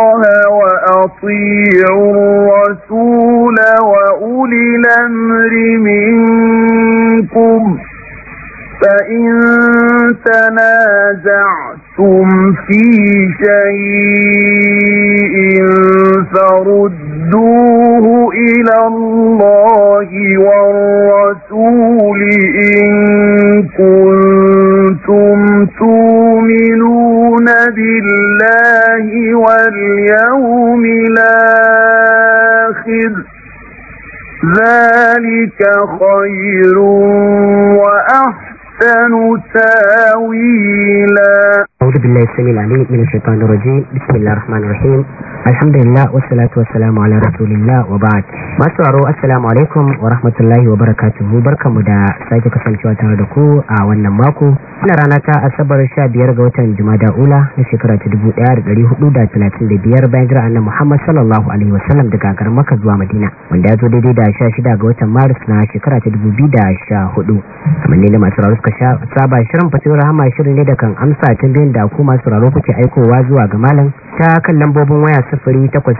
الله وأطيعوا الرسول وأولي الأمر منكم فإن تنازعتم في شيء فردوه إلى الله والرسول إن كنتم تؤمنون بالله واليوم الآخر ذلك خير وأحسن تاويلا أعوذ بالله السميع العليم من الشيطان الرجيم بسم الله الرحمن الرحيم alhamdulillah wassalatu wassalamu ala rasulillah wa ba'd masu tsaro assalamu alaikum wa rahmatullahi wa barakatuhu barkamu da sake kasancewa tare da ku a wannan mako ina rana ta asabar 15 ga watan jumada ula na shekara ta 1435 bayan jira annan muhammad sallallahu alaihi wasallam daga garin makka zuwa madina wanda ya zo daidai da 16 ga watan maris na shekara ta 2014 kamar ne da masu tsaro suka saba shirin fatiwar rahama shirin ne da kan amsa tambayoyin da ku masu tsaro kuke aikowa zuwa ga malam ta kan lambobin waya takwas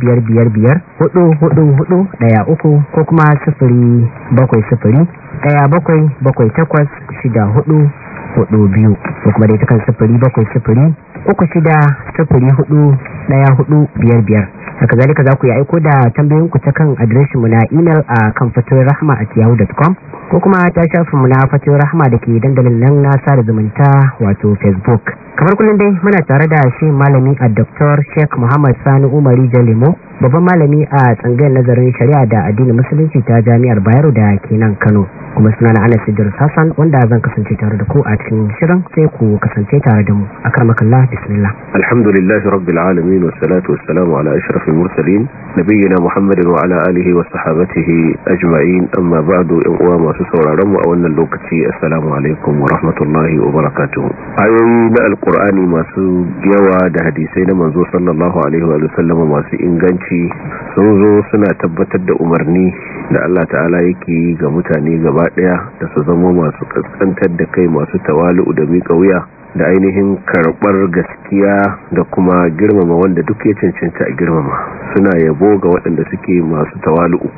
biyar biyar biyar hudu hudu hudu daya uku ko kuma sifiri bakwai sifiri daya bakwai bakwai takwas shida hudu hudu biyu ko kuma dai takan sifiri bakwai sifiri uku shida sifiri hudu daya hudu biyar biyar haka zalika za ku yi aiko da tambayoyinku ta kan adireshin mu na imel a kan fatuwar rahama a yahoo.com ko kuma ta shafin mu na fatuwar rahama da ke dandalin nan na sada zumunta wato facebook kamar kullum dai muna tare da shi malami a Dr. Sheikh Muhammad Sani Umari Jalimo babban malami a tsangayar nazarin shari'a da addinin musulunci ta Jami'ar Bayero da ke nan Kano kuma suna na Anas Idris Hassan wanda zan kasance tare da ku a cikin shirin sai ku kasance tare da mu akramakallah bismillah alhamdulillahi rabbil alamin wa salamu ala ashrafil mursalin nabiyina muhammadin wa ala alihi wa sahabatihi ajma'in amma ba'du yan uwa masu sauraron mu a wannan lokaci assalamu alaikum wa rahmatullahi wa barakatuh ayoyi na alkur'ani masu yawa da hadisai na manzo sallallahu alaihi wa sallam masu inganci sun zo suna tabbatar da umarni da Allah ta'ala yake yi ga mutane gaba daya da su zama masu kaskantar da kai masu tawali'u da miƙa wuya da ainihin karɓar gaskiya da kuma girmama wanda duk ya cancanta a girmama suna yabo ga waɗanda suke masu tawalu'u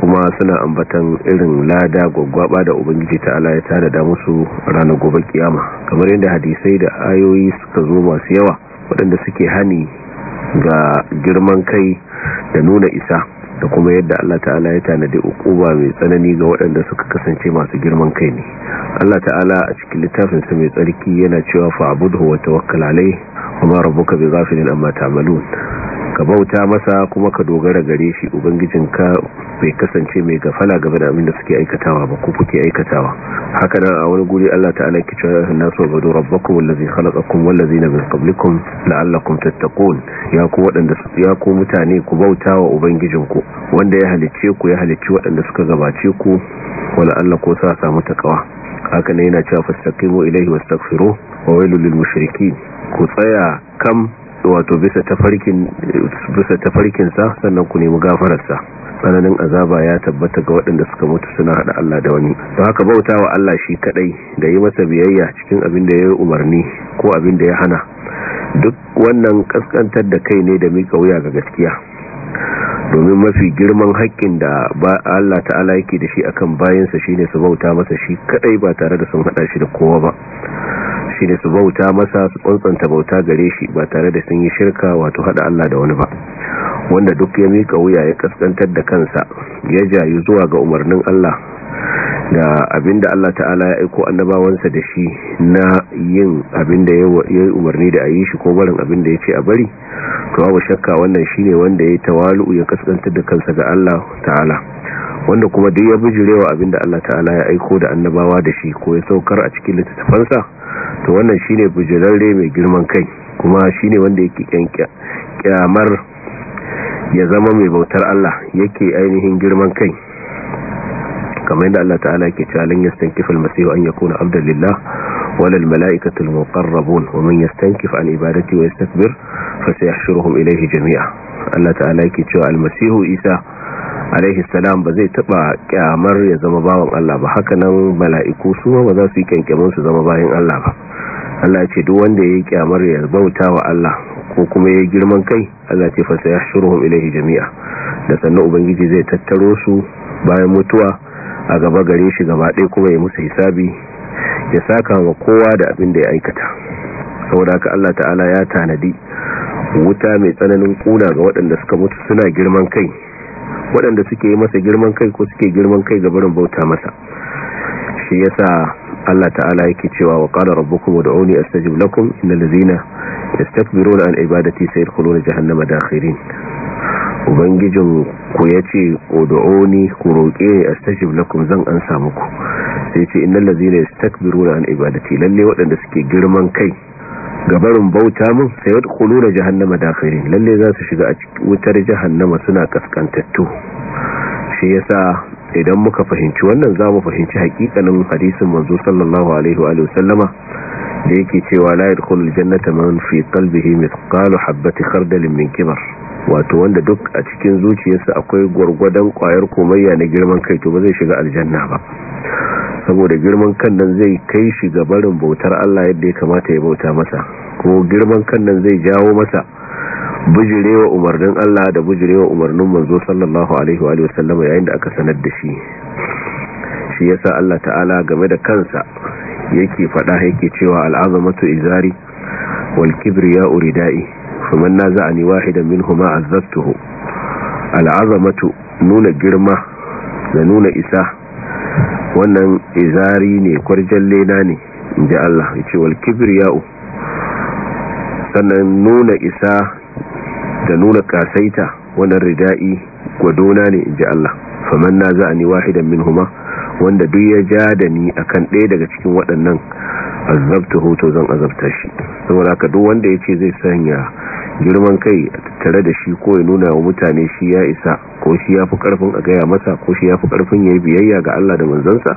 kuma suna ambatan irin lada gwaggwaba da ubangiji ta ala ya tada da musu ranar gobe kiyama kamar yadda hadisai da ayoyi suka zo masu yawa waɗanda suke hani ga girman kai da nuna isa da kuma yadda Allah ta'ala ya tanadi ukuba mai tsanani ga waɗanda suka kasance masu girman kai ne Allah ta'ala a cikin littafinsa mai tsarki yana cewa fa'budhu wa tawakkal alayhi wa ma rabbuka bighafilin amma ta'malun ka bauta masa kuma ka dogara gare shi ubangijin ka bai kasance mai gafala game da abin da suke aikatawa ba ko kuke aikatawa haka nan a wani guri Allah ta'ala ki cewa nasu badu rabbakum wallazi khalaqakum wallazina min qablikum la'allakum tattaqun ya ku waɗanda ya ku mutane ku bautawa ku wanda ya halicce ku ya halicci waɗanda suka gabace ku wala Allah ko sa samu takawa haka ne yana cewa fastaqimu ilayhi wastaghfiru wa wailul lil mushrikin ku tsaya kam wato bisa tafarkin sa sannan ku nemi gafararsa tsananin azaba ya tabbata ga waɗanda suka mutu suna hada Allah da wani don haka bauta wa Allah shi kadai da yi masa biyayya cikin abin da ya yi umarni ko abin da ya hana duk wannan kaskantar da kai ne da mika wuya ga gaskiya domin mafi girman haƙƙin da ba Allah ta'ala yake da shi akan bayansa shine su bauta masa shi kadai ba tare da sun hada shi da kowa ba da su bauta masa su tsantsanta bauta gare shi ba tare da sun yi shirka wato hada Allah da wani ba wanda duk ya mika wuya ya kaskantar da kansa ya jayu zuwa ga umarnin Allah da abinda Allah ta'ala ya aiko annabawansa da shi na yin abinda ya yi umarni da a yi shi ko barin abinda ya ce a bari to babu shakka wannan shine wanda ya tawalu ya kaskantar da kansa ga Allah ta'ala wanda kuma duk ya bijirewa abinda Allah ta'ala ya aiko da annabawa da shi ko ya saukar a cikin littattafansa to wannan shine bujirarre mai girman kai kuma shine wanda yake kyamar ya zama mai bautar Allah yake ainihin girman kai kamar yadda Allah ta'ala yake cewa lan yastankifu al-masih an yakuna abdulillah lillah wala al-mala'ikatu al-muqarrabun wa man yastankif an ibadati wa yastakbir fa sayahshuruhum ilayhi jami'a Allah ta'ala yake cewa al-masih Isa alaihi salam ba zai taba kyamar ya zama bawan Allah ba haka nan mala'iku su ba za su yi kyankyamin su zama bayan Allah ba Allah ya ce duk wanda ya yi kyamar ya bauta wa Allah ko kuma ya girman kai Allah ce fa sayahshuruhum ilaihi jami'a da sannan ubangiji zai tattaro su bayan mutuwa a gaba gare shi gaba ɗaya kuma ya musu hisabi ya saka wa kowa da abin da ya aikata saboda haka Allah ta'ala ya tanadi wuta mai tsananin kuna ga waɗanda suka mutu suna girman kai waɗanda suke yi masa girman kai ko suke girman kai ga barin bauta masa shi yasa Allah ta'ala yake cewa wa qala rabbukum ud'uni astajib lakum innal ladhina yastakbiruna an ibadati sayadkhuluna jahannama dakhirin ubangijin ku yace ud'uni ku roke astajib lakum zan ansa muku sai ce innal ladhina yastakbiruna an ibadati lalle waɗanda suke girman kai gabarin bauta min sai wata kulu da jahannama dafirin lalle za su shiga a wutar jahannama suna kaskantattu shi yasa idan muka fahimci wannan za mu fahimci hakikanin hadisin manzo sallallahu alaihi wa sallama da yake cewa la yadkhulul jannata man fi qalbihi mithqalu habati khardalin min kibar wato wanda duk a cikin zuciyarsa akwai gwargwadon kwayar komayya na girman kai to ba zai shiga aljanna ba saboda girman kan nan zai kai shi ga barin bautar Allah yadda ya kamata ya bauta masa ko girman kan nan zai jawo masa bujirewa umarnin Allah da bujirewa umarnin manzo sallallahu alaihi wa wasallam yayin da aka sanar da shi shi yasa Allah ta'ala game da kansa yake fada yake cewa al'azamatu izari wal kibriya uridai faman naza'ani wahidan minhuma azzabtuhu al'azamatu nuna girma da nuna isa wannan izari ne kwarjan lena ne inji Allah ce wal kibriya'u sannan nuna isa da nuna kasaita wannan rida'i gwadona ne inji Allah faman naza'ani wahidan huma wanda duk ya ja da ni akan ɗaya daga cikin waɗannan azabta hoto zan azabta shi saboda haka duk wanda ya ce zai sanya girman kai a tattare da shi ko ya nuna wa mutane shi ya isa ko shi ya fi karfin a gaya masa ko shi ya fi karfin ya yi biyayya ga Allah da manzansa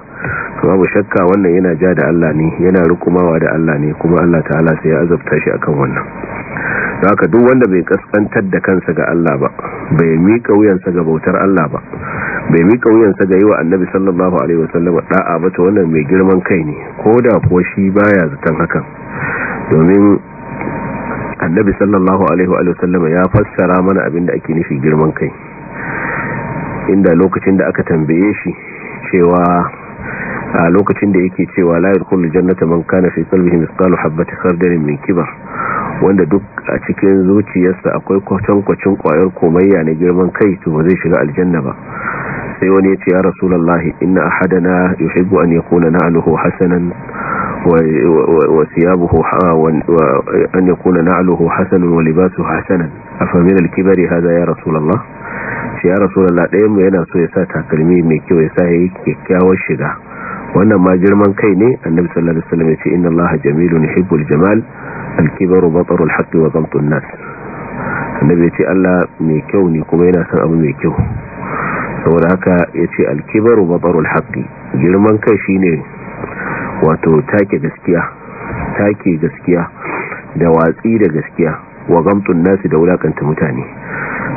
kuma babu shakka wannan yana ja da Allah ne yana rukumawa da Allah ne kuma Allah ta'ala sai ya azabta shi akan wannan da haka duk wanda bai kaskantar da kansa ga Allah ba bai mika wuyansa ga bautar Allah ba bai mika wuyansa ga yi wa annabi sallallahu alaihi wasallam da'a ba ta wannan mai girman kai ne ko da kuwa shi baya zaton hakan domin annabi sallallahu alaihi wa sallam ya fassara mana abin da ake nufi girman kai inda lokacin da aka tambaye shi cewa a lokacin da yake cewa la yadkhulul jannata man kana fi qalbihi mithqalu habbatin min kibar wanda duk a cikin zuciyarsa akwai kwatankwacin kwayar komayya na girman kai to ba zai shiga aljanna ba sai wani ya ce ya rasulullahi inna ahadana yuhibbu an yakuna na'luhu hasanan وثيابه وأن يكون نعله حسن ولباسه حسنا أفمن الكبر هذا يا رسول الله ya rasu da ɗayanmu yana so ya sa takalmi mai kyau ya sa ya yi kyakkyawar shiga wannan ma girman kai ne annabi sallallahu alaihi wasallam ya ce inna allaha jamilun yuhibbul jamal al-kibaru batarul haqqi wa zamtun nas annabi ya Allah mai kyau ne kuma yana son abu mai kyau saboda haka ya ce al-kibaru batarul haqqi girman kai shine wato take gaskiya take gaskiya da watsi da gaskiya wa gamtun nasi da wulakanta mutane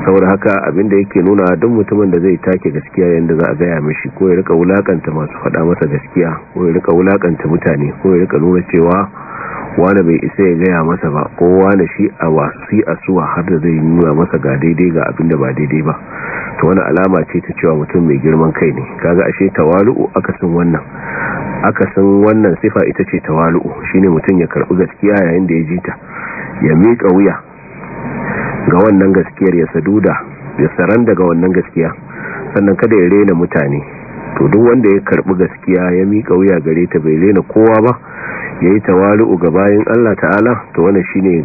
saboda haka abin abinda yake nuna duk mutumin da zai take gaskiya yadda za a gaya mashi ko ya rika wulakanta masu faɗa masa gaskiya ko ya rika wulakanta mutane ko ya rika nuna cewa wani bai isa ya gaya masa ba ko wani shi a wasu a suwa har da zai nuna masa ga daidai ga abin da ba daidai ba to wani alama ce ta cewa mutum mai girman kai ne kaga ashe tawalu'u akasin wannan akasin wannan sifa ita ce shi shine mutum ya karbi gaskiya yayin da ya ji ta ya miƙa wuya ga wannan gaskiyar ya saduda ya saran daga wannan gaskiya sannan kada ya rena mutane to duk wanda ya karbi gaskiya ya mika wuya gare ta bai rena kowa ba yayi tawalu ga bayin Allah ta'ala to wannan shine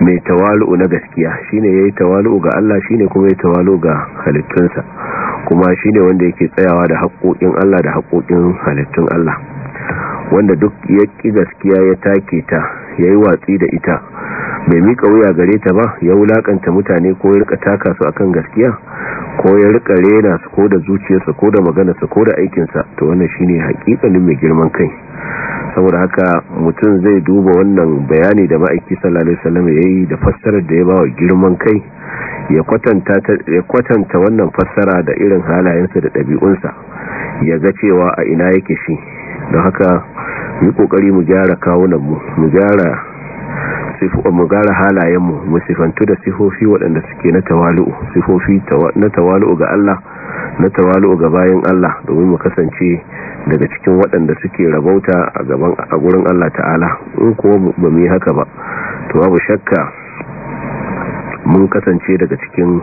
mai tawalu na gaskiya shine yayi tawalu ga Allah shine kuma ya yayi tawalu ga halittunsa kuma shi ne wanda yake tsayawa da haƙoƙin Allah da haƙoƙin halittun Allah wanda duk ya ƙi gaskiya ya take ta ya yi watsi da ita bai mika wuya gare ta ba ya wulaƙanta mutane ko ya rika taka su akan gaskiya ko ya rika rena su ko da zuciyarsa ko da maganarsa ko da aikinsa to wannan shi ne hakikanin mai girman kai saboda haka mutum zai duba wannan bayani da ma'aiki sallallahu alaihi wasallam yayi da fassarar da ya bawa girman kai ya kwatanta wannan fassara da irin halayensa da ɗabi'unsa ya ga cewa a ina yake shi don haka yi ƙoƙari mu gyara kawunanmu mu gyara mu gara halayenmu mu sifantu da sifofi waɗanda suke na tawali'u sifofi na tawali'u ga Allah na tawali'u ga bayan Allah domin mu kasance daga cikin waɗanda suke rabauta a gaban a gurin Allah ta'ala in kuma ba mu yi haka ba to babu shakka mun kasance daga cikin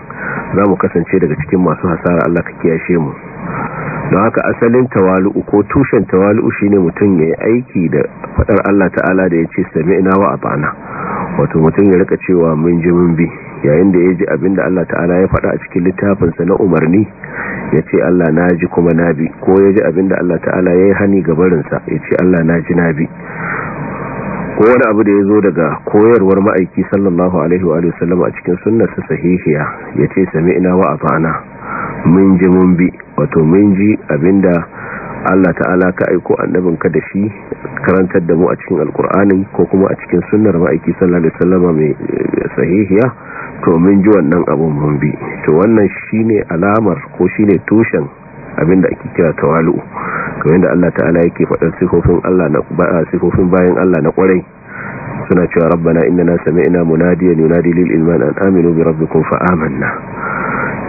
za mu kasance daga cikin masu hasara Allah ka kiyashe mu don haka asalin tawalu'u ko tushen tawalu'u shine mutum ya yi aiki da fadar Allah ta'ala da ya ce sami'na wa abana wato mutum ya rika cewa mun ji mun bi yayin da ya ji abin Allah ta'ala ya faɗa a cikin littafinsa na umarni ya ce Allah na ji kuma na bi ko ya ji abin Allah ta'ala ya yi hani ga barinsa, ya ce Allah na ji na bi ko wani abu da ya zo daga koyarwar ma'aiki sallallahu alaihi wa sallam a cikin su sahihiya ya ce sami'na wa afana mun ji mun bi wato mun ji abinda Allah ta'ala ka aiko annabin ka da shi karantar da mu a cikin alkur'ani ko kuma a cikin sunnar ma'aiki sallallahu alaihi sallama mai eh, sahihiya to mun ji wannan abun mun bi to wannan shine alamar ko shine tushen Abin da ake kira tawalu kamar yadda Allah ta'ala yake faɗar sifofin Allah na sifofin bayan Allah na kwarai suna cewa rabbana innana sami'na munadiyan yunadi lil iman an aminu bi rabbikum fa amanna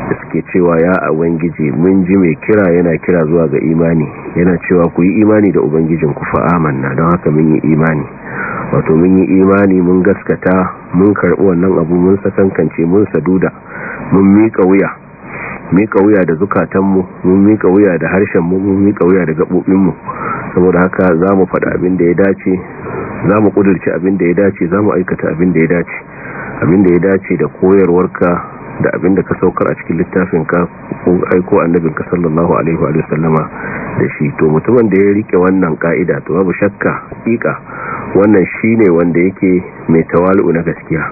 suke cewa ya ubangiji mun ji mai kira yana kira zuwa ga imani yana cewa ku yi imani da ubangijin ku fa amanna don haka mun yi imani wato mun yi imani mun gaskata mun karbi wannan abu mun sakankance mun saduda mun mika wuya mika wuya da zukatanmu mun mika wuya da harshenmu mun mika wuya da gaɓoɓinmu saboda haka za mu faɗa abin da ya dace za mu ƙudurci abin da ya dace za mu aikata abin da ya dace abin da ya dace da koyarwarka da abin da ka saukar a cikin littafin ka ko aiko annabin ka sallallahu alaihi wa sallama da shi to mutumin da ya rike wannan ka'ida to babu shakka hakika wannan shine wanda yake mai tawali'u na gaskiya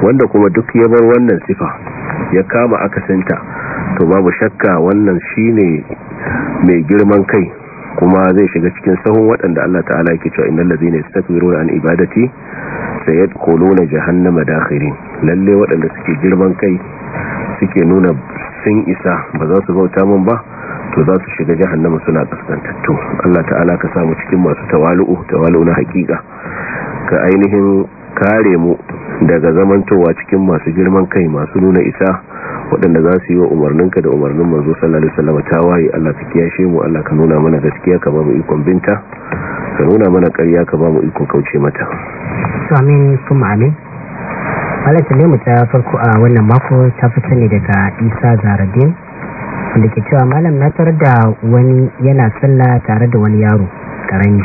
wanda kuma duk ya bar wannan sifa ya kama akasinta to babu shakka wannan shine mai girman kai kuma zai shiga cikin sahun waɗanda Allah ta'ala yake cewa su ladzina yastakbiruna an ibadati jihannama da dakhirin lalle waɗanda suke girman kai suke nuna sun isa ba za su bauta mun ba to za su shiga jihannama suna kaskantattu Allah ta'ala ka samu cikin masu tawalu'u tawalu'u na hakika ka ainihin kare mu daga zamantowa cikin masu girman kai masu nuna isa waɗanda za su yi wa umarninka da umarnin manzo sallallahu alaihi wasallam waye Allah ta kiyashe mu Allah ka nuna mana gaskiya ka ba mu ikon binta ka nuna mana ƙarya ka ba mu ikon kauce mata amin kuma amin malaka ne mu ta farko a wannan mako ta fita ne daga Isa Zaradin wanda ke cewa malam na tarar da wani yana sallah tare da wani yaro karami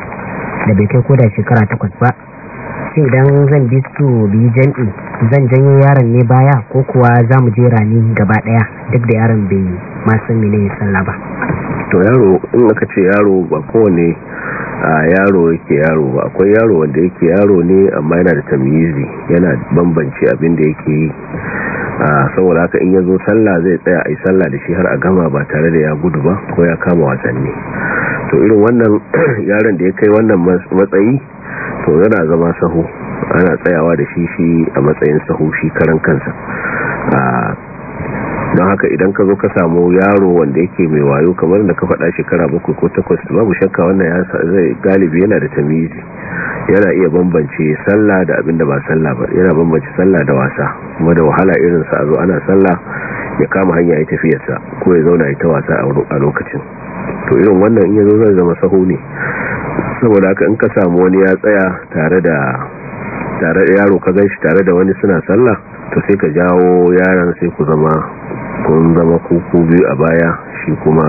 da bai kai da shekara takwas ba shi idan zan bi su biyu jan'i zan janyo yaron ne baya ko kuwa za mu jera ni gaba daya duk da yaron bai masu mene sallah ba to yaro in aka ce yaro ba kowane yaro yake yaro ba akwai yaro wanda yake yaro ne amma yana da tamizi yana bambanci abinda da yake yi a saboda haka in ya zo sallah zai tsaya a yi sallah da shi har a gama ba tare da ya gudu ba ko ya kama wasanni to irin wannan yaron da ya kai wannan matsayi to yana zama saho ana tsayawa da shi shi a matsayin sahu shi karan kansa don haka idan ka zo ka samu yaro wanda yake mai wayo kamar da ka faɗa shekara bakwai ko takwas babu shakka wannan ya zai galibi yana da tamizi yana iya bambance sallah da abinda ba sallah ba yana bambance sallah da wasa kuma da wahala irin sa zo ana sallah ya kama hanya ya tafiyarsa ko ya zauna ya ta wasa a lokacin to irin wannan in ya zo zai zama saho ne saboda haka in ka samu wani ya tsaya tare da tare da yaro ka ganshi tare da wani suna sallah to sai ka jawo yaron sai ku zama kun zama kuku biyu a baya shi kuma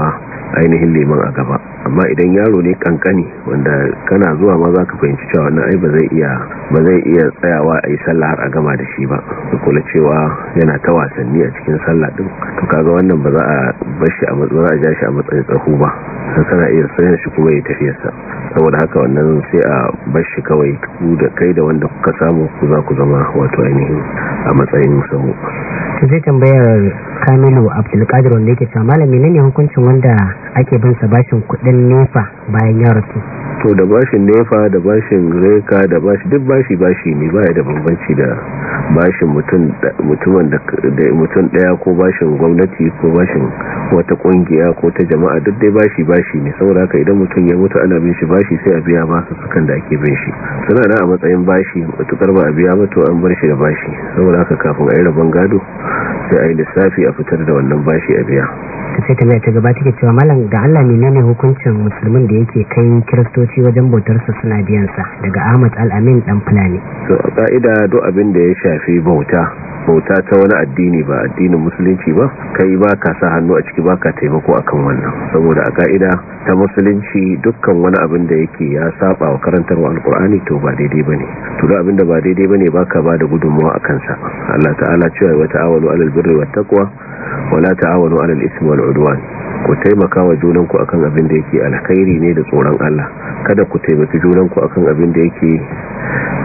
ainihin liman a gaba amma idan yaro ne kankani wanda kana zuwa ma za ka fahimci cewa wannan ai ba zai iya ba zai iya tsayawa a yi sallah har a gama da shi ba kula cewa yana ta wasanni a cikin sallah din to kaga wannan ba za a bar a matsayin za a ja shi a matsayin tsaho ba sai kana iya sayar shi kuma ya tafi sa saboda haka wannan sai a bar kawai ku da kai da wanda kuka samu ku za ku zama wato ainihin a matsayin tsaho to tambayar kamilu abdulkadir wanda yake cewa malami ne ne hukuncin wanda ake bin sa bashin kudin nefa bayan ya rasu to da bashin nefa da bashin reka da bashi duk bashi bashi ne baya da bambanci da bashin mutum da mutum daya ko bashin gwamnati ko bashin wata kungiya ko ta jama'a duk dai bashi bashi ne saboda haka idan mutum ya mutu ana bin shi bashi sai a biya masa sukan da ake bin shi suna nan a matsayin bashi mutukar ba a biya ba to an bar shi da bashi saboda haka kafin a yi rabon gado sai a yi lissafi a fitar da wannan bashi a biya sai ta biya ta gaba take cewa malam da Allah ne ne hukuncin musulmin da yake kai kiristoci wajen bautar bautarsa suna biyan sa daga Ahmad Al-Amin dan Fulani to a ka'ida duk abin da ya shafi bauta bauta ta wani addini ba addinin musulunci ba kai ba ka sa hannu a ciki ba ka taimako akan wannan saboda a ka'ida ta musulunci dukkan wani abin da yake ya saba wa karantarwa alkur'ani to ba daidai bane to duk abin da ba daidai ba ne ba ka ba da gudunmawa akan sa Allah ta'ala cewa wa ta'awalu alal birri wat taqwa wala ta'awanu 'alal ismi wal 'udwan ku taimakawa junanku akan abin da yake alkhairi ne da tsoron Allah kada ku taimaki junanku akan abin da yake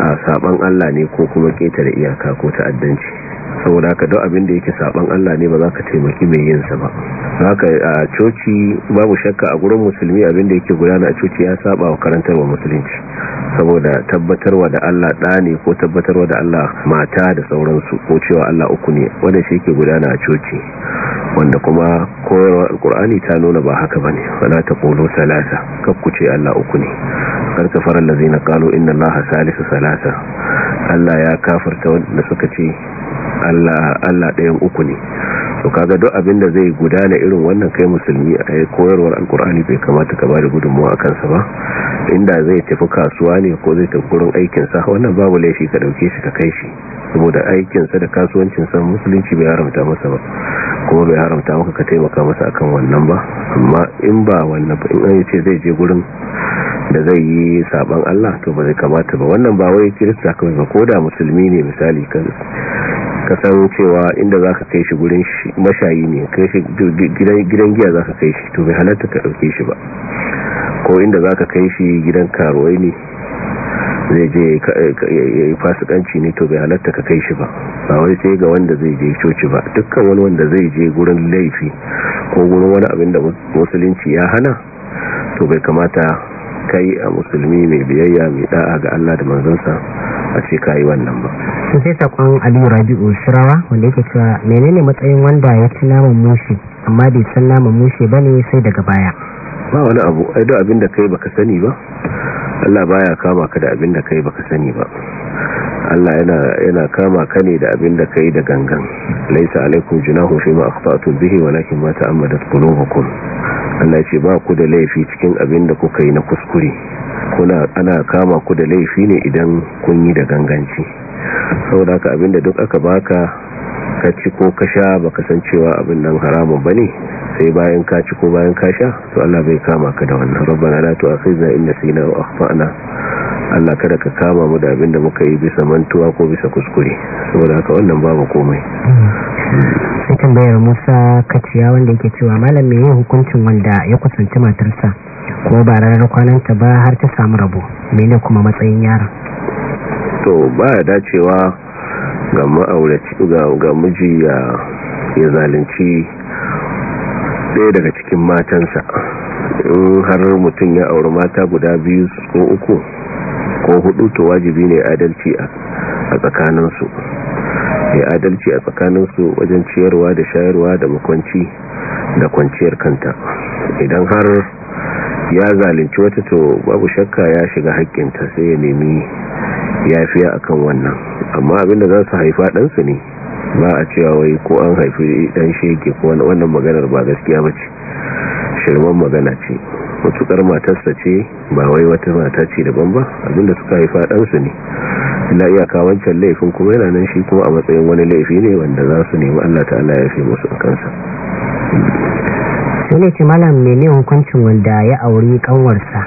a saban Allah ne ko kuma ketare iyaka ko ta'addanci saboda haka duk abin da yake saban Allah ne ba za ka taimaki mai yin sa ba haka a coci babu shakka a gurin musulmi abin da yake gudana a coci ya saba wa karantarwa musulunci saboda tabbatarwa da Allah ɗa ne ko tabbatarwa da Allah mata da sauransu ko cewa Allah uku ne wanda shi yake gudana a coci wanda kuma koyarwar alkur'ani ta nuna ba haka bane wala taqulu salasa kakkuce Allah uku ne har kafara na kalo inda allaha salisu salasa Allah ya kafarta wanda suka ce Allah ɗayan uku ne to kaga duk abin da zai gudana irin wannan kai musulmi a yi koyarwar alkur'ani bai kamata ka bada gudunmuwa a kansa ba inda zai tafi kasuwa ne ko zai tafi gurin aikinsa wannan babu laifi ka dauke shi ka kai shi saboda aikinsa da kasuwancinsa musulunci bai haramta masa ba kuma bai haramta maka ka taimaka masa akan wannan ba amma in ba wannan ba in an ce zai je gurin da zai yi saban Allah to ba zai kamata ba wannan ba wai kirista kawai ba da musulmi ne misali kan ka san cewa inda za ka kai shi gurin mashayi ne kai shi gidan giya za ka kai shi to bai halatta ka ɗauke shi ba ko inda za ka kai shi gidan karuwai ne zai je ya yi fasikanci ne to bai halatta ka kai shi ba ba wai sai ga wanda zai je coci ba dukkan wani wanda zai je gurin laifi ko gurin wani abin da musulunci ya hana to bai kamata Ka yi a musulmi mai biyayya mai da'a ga Allah da manzansa a ce ka yi wannan ba Sun sai sakon aliyu rabi'u shirawa wanda yake cewa menene matsayin wanda ya ci naman mushi amma bai san naman mushi ne, sai daga baya ba wani abu ai da abin da kai baka sani ba Allah baya kama ka da abin da kai baka sani ba Allah yana kama ka ne da abin da kai da gangan laisa alaikum junahun fi ma akhtatu bihi walakin ma ta'ammadat qulubukum Allah ce ba ku da laifi cikin abin da kuka yi na kuskure kuna ana kama ku da laifi ne idan kun yi da ganganci saboda haka abin da duk aka baka ka ci ko ka sha baka san cewa abin nan haramun ba ne sai bayan ka ci ko bayan ka sha to Allah bai kama ka da wannan rabbana la tu'akhizna in nasina aw akhtana Allah kada ka kama mu da abin da muka yi bisa mantuwa ko bisa kuskure saboda ka wannan babu komai tambayar musa kaciya wanda yake cewa malam mai hukuncin wanda ya kusanci matarsa ko ba ranar kwananta ba har ta samu rabo mene kuma matsayin yaron to ba ya dacewa ga ma'auraci ga miji ya zalunci ɗaya daga cikin matansa in har mutum ya auri mata guda biyu ko uku ko hudu to wajibi ne adalci a tsakaninsu ya adalci a tsakanin su wajen ciyarwa da shayarwa da makwanci da kwanciyar kanta idan har ya zalunci wata to babu shakka ya shiga haƙƙinta sai ya nemi yafiya akan wannan amma abinda za su haifa ɗansu ne ba a cewa wai ko an haifi ɗan shege ko wannan maganar ba gaskiya ba ce shirman magana ce matukar matarsa ce ba wai wata mata ce daban ba abinda suka haifa ɗansu ne na iyaka wancan laifin kuma yana nan shi kuma a matsayin wani laifi ne wanda za su nemi allah ta'ala ya fi musu kansa ne ce malam mene hukuncin wanda ya auri kanwarsa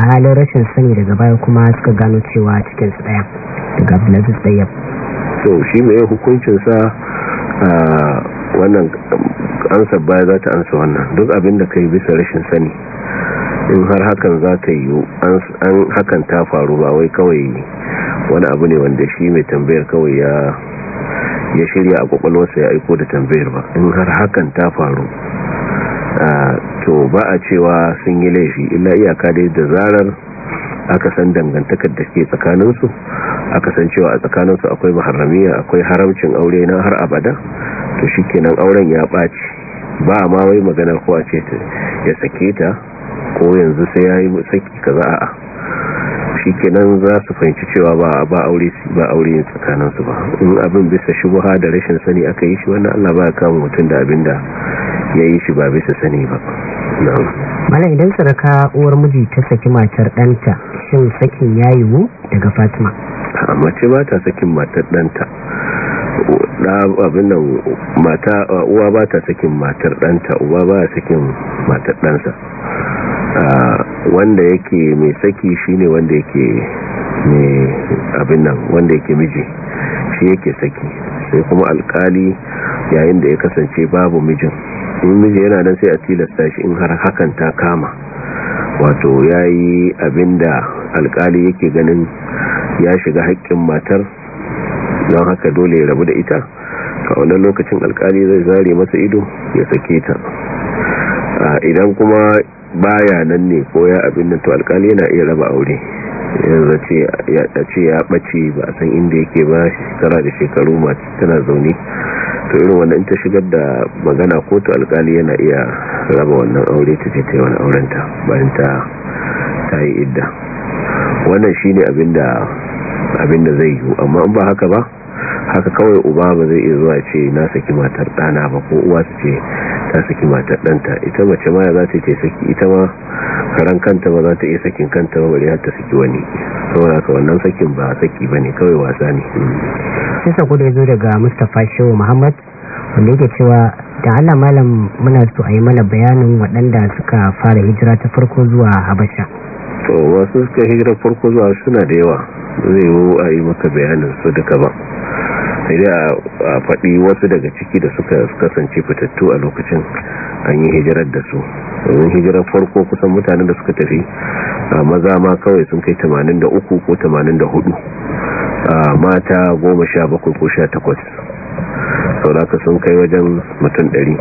a halin rashin sani daga baya kuma suka gano cewa cikin su daya daga abdulaziz daya so shi mai hukuncinsa a wannan ansa baya za ta ansa wannan duk abin da yi bisa rashin sani in har hakan za ta yiwu an hakan ta faru ba wai kawai wani abu ne wanda shi mai tambayar kawai ya ya shirya a kwakwalwarsa ya aiko da tambayar ba in har hakan ta faru to ba a cewa sun yi laifi illa iyaka dai da zarar aka san dangantakar da ke tsakaninsu aka san cewa a tsakaninsu akwai maharamiya akwai haramcin aure na har abada to shi kenan auren ya ɓaci ba ma wai magana ko a ce ya sake ta ko yanzu sai ya yi saki za a shi kenan za su fahimci cewa ba ba aure ba aure yin tsakaninsu ba in abin bisa shubuha da rashin sani aka yi shi wannan Allah ba kama mutum da abin da ya yi shi ba bisa sani ba mana idan saraka uwar miji ta saki matar ɗanta shin sakin ya yiwu daga fatima mace ba ta sakin matar ɗanta abin nan mata uwa ba ta sakin matar ɗanta uwa ba sakin matar ɗansa Ah, wanda yake mai saki shine wanda yake mai abin nan wanda yake miji shi yake saki sai kuma alkali yayin da ya kasance babu mijin in miji yana nan sai a tilasta shi in har hakan ta kama wato yayi da alkali yake ganin ya shiga haƙƙin matar don haka dole ya rabu da ita a lokacin alkali zai zare masa ido ya sake ta ah, idan kuma baya nan ne ko ya abin da to alkali yana iya raba aure yanzu ce ya ɓace ba a san inda yake ba shekara da shekaru mace tana zaune to irin in ta shigar da magana ko to alkali yana iya raba wannan aure ta ce ta wani aurenta bayan ta yi idda wannan shi ne abin da zai yiwu amma ba haka ba haka kawai uba ba zai iya zuwa ce na saki matar ɗana ba ko uwa su ce ta saki matar danta ita mace ma za ta ce saki ita ma karan kanta ba za ta iya sakin kanta ba bari har ta saki wani saboda haka wannan sakin ba saki ba ne kawai wasa ne sai sako da ya zo daga mustapha shehu muhammad wanda yake cewa da allah malam muna so a yi mana bayanin waɗanda suka fara hijira ta farko zuwa habasha to wasu suka hijira farko zuwa suna da yawa zai yi a yi maka bayanin su duka ba sai a faɗi wasu daga ciki da suka kasance fitattu a lokacin an yi hijirar da su domin hijirar farko kusan mutanen da suka tafi a maza ma kawai sun kai 83 ko 84 a mata 17 ko 18 sauraka sun kai wajen mutum 100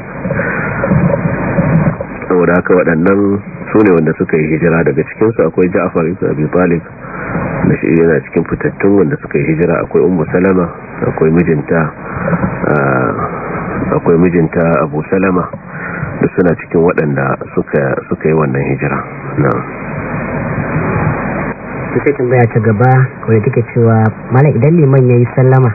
sauraka waɗannan su ne wanda suka yi hijira daga cikinsu akwai ja'afar ibn abi talib da shi yana cikin fitattun wanda suka yi hijira akwai ummu salama akwai mijinta ah, akwai mijinta abu salama da suna cikin waɗanda suka yi wannan hijira sai tambaya ta gaba wadda take cewa malam idan liman ya yi sallama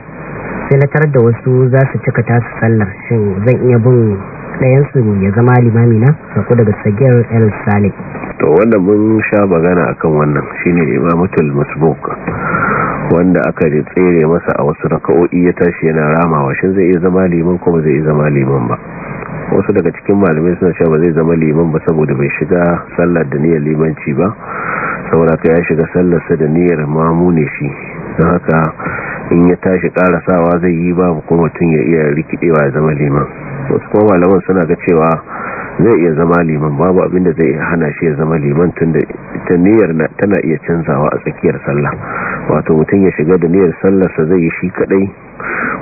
sai na tarar da wasu za su cika tasu sallar shin zan iya bin ɗayansu ya zama limami na sako daga sagiyar el salik to wanda mun sha magana akan wannan shine imamatul musbuk wanda aka tsere masa a wasu raka'o'i ya tashi yana ramawa shi zai iya zama liman kuma ba zai iya zama liman ba wasu daga cikin malamai suna sha ba zai zama liman ba saboda bai shiga sallar da niyyar limanci ba saboda ka ya shiga sallarsa da niyyar mamu shi don haka in ya tashi karasawa zai yi ba kuma mutum ya iya rikidewa ya zama liman wasu kuma malaman suna ga cewa zai iya zama liman babu abin da zai hana shi ya zama liman tunda ita niyyar tana iya canzawa a tsakiyar sallah wato mutum ya shiga da niyyar sallarsa zai yi shi kadai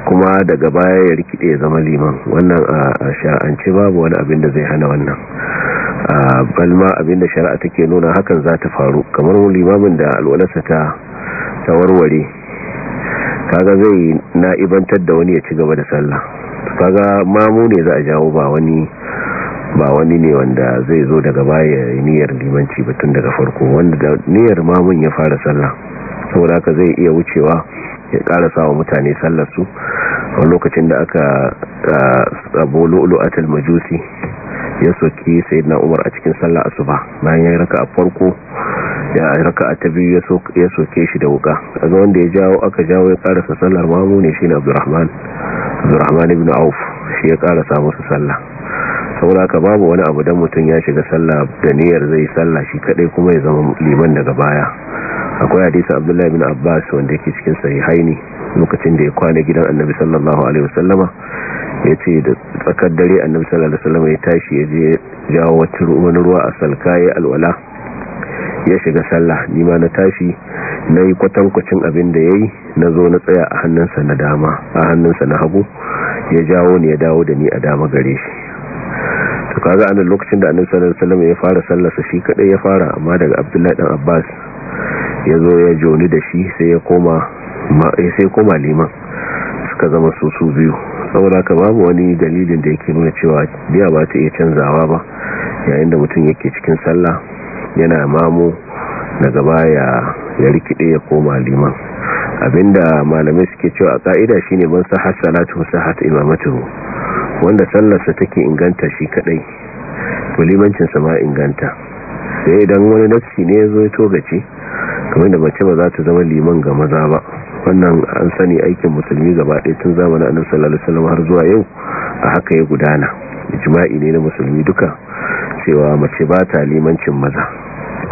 kuma daga baya ya rikide ya zama liman wannan a sha'anci babu wani abinda zai hana wannan balma abin da shari'a take nuna hakan za ta faru kamar limamin da alwalarsa ta warware kaga zai na'ibantar da wani ya ci gaba da sallah kaga mamu ne za a jawo ba wani ba wani ne wanda zai zo daga baya niyyar limanci batun daga farko wanda da niyyar mamun ya fara sallah saboda haka zai iya wucewa ya karasa wa mutane sallar su a lokacin da aka tsabo a majusi ya soki sayyidina umar a cikin sallah asuba bayan ya raka a farko ya raka ta biyu ya soke shi da wuka kaga wanda ya jawo aka jawo ya karasa sallar mamu ne shine abdurrahman abdurrahman ibn auf shi ya karasa musu sallah sauraka babu wani abu dan mutum ya shiga sallah da niyyar zai sallah shi kadai kuma ya zama liman daga baya akwai hadisi abdullahi bin abbas wanda yake cikin sahihaini lokacin da ya kwana gidan annabi sallallahu alaihi wasallama ya ce da tsakar dare annabi sallallahu alaihi wasallama ya tashi ya je jawo wata wani ruwa a salkaye alwala ya shiga sallah ni na tashi na yi kwatankwacin abin da ya yi na zo na tsaya a hannunsa na dama a hannunsa na hagu ya jawo ni ya dawo da ni a dama gare shi to kaga anan lokacin da annabi sallallahu alaihi wasallam ya fara sallarsa shi kadai ya fara amma daga abdullahi dan abbas ya zo ya joni da shi sai ya koma sai koma liman suka zama su su biyu saboda ka babu wani dalilin da yake nuna cewa biya ba ta iya canzawa ba yayin da mutum yake cikin sallah yana mamu na gaba ya rikide ya koma liman abinda malamai suke cewa a ka'ida shine ban sahha salatu sahhat imamatu wanda sallarsa take inganta shi kadai to limancinsa ma inganta sai idan wani nafsi ne ya zo ya togace kamar da mace ba za ta zama liman ga maza ba wannan an sani aikin musulmi gaba ɗaya tun zamanin annabi sallallahu alaihi wasallam har zuwa yau a haka ya gudana ijma'i ne na musulmi duka cewa mace ba ta limancin maza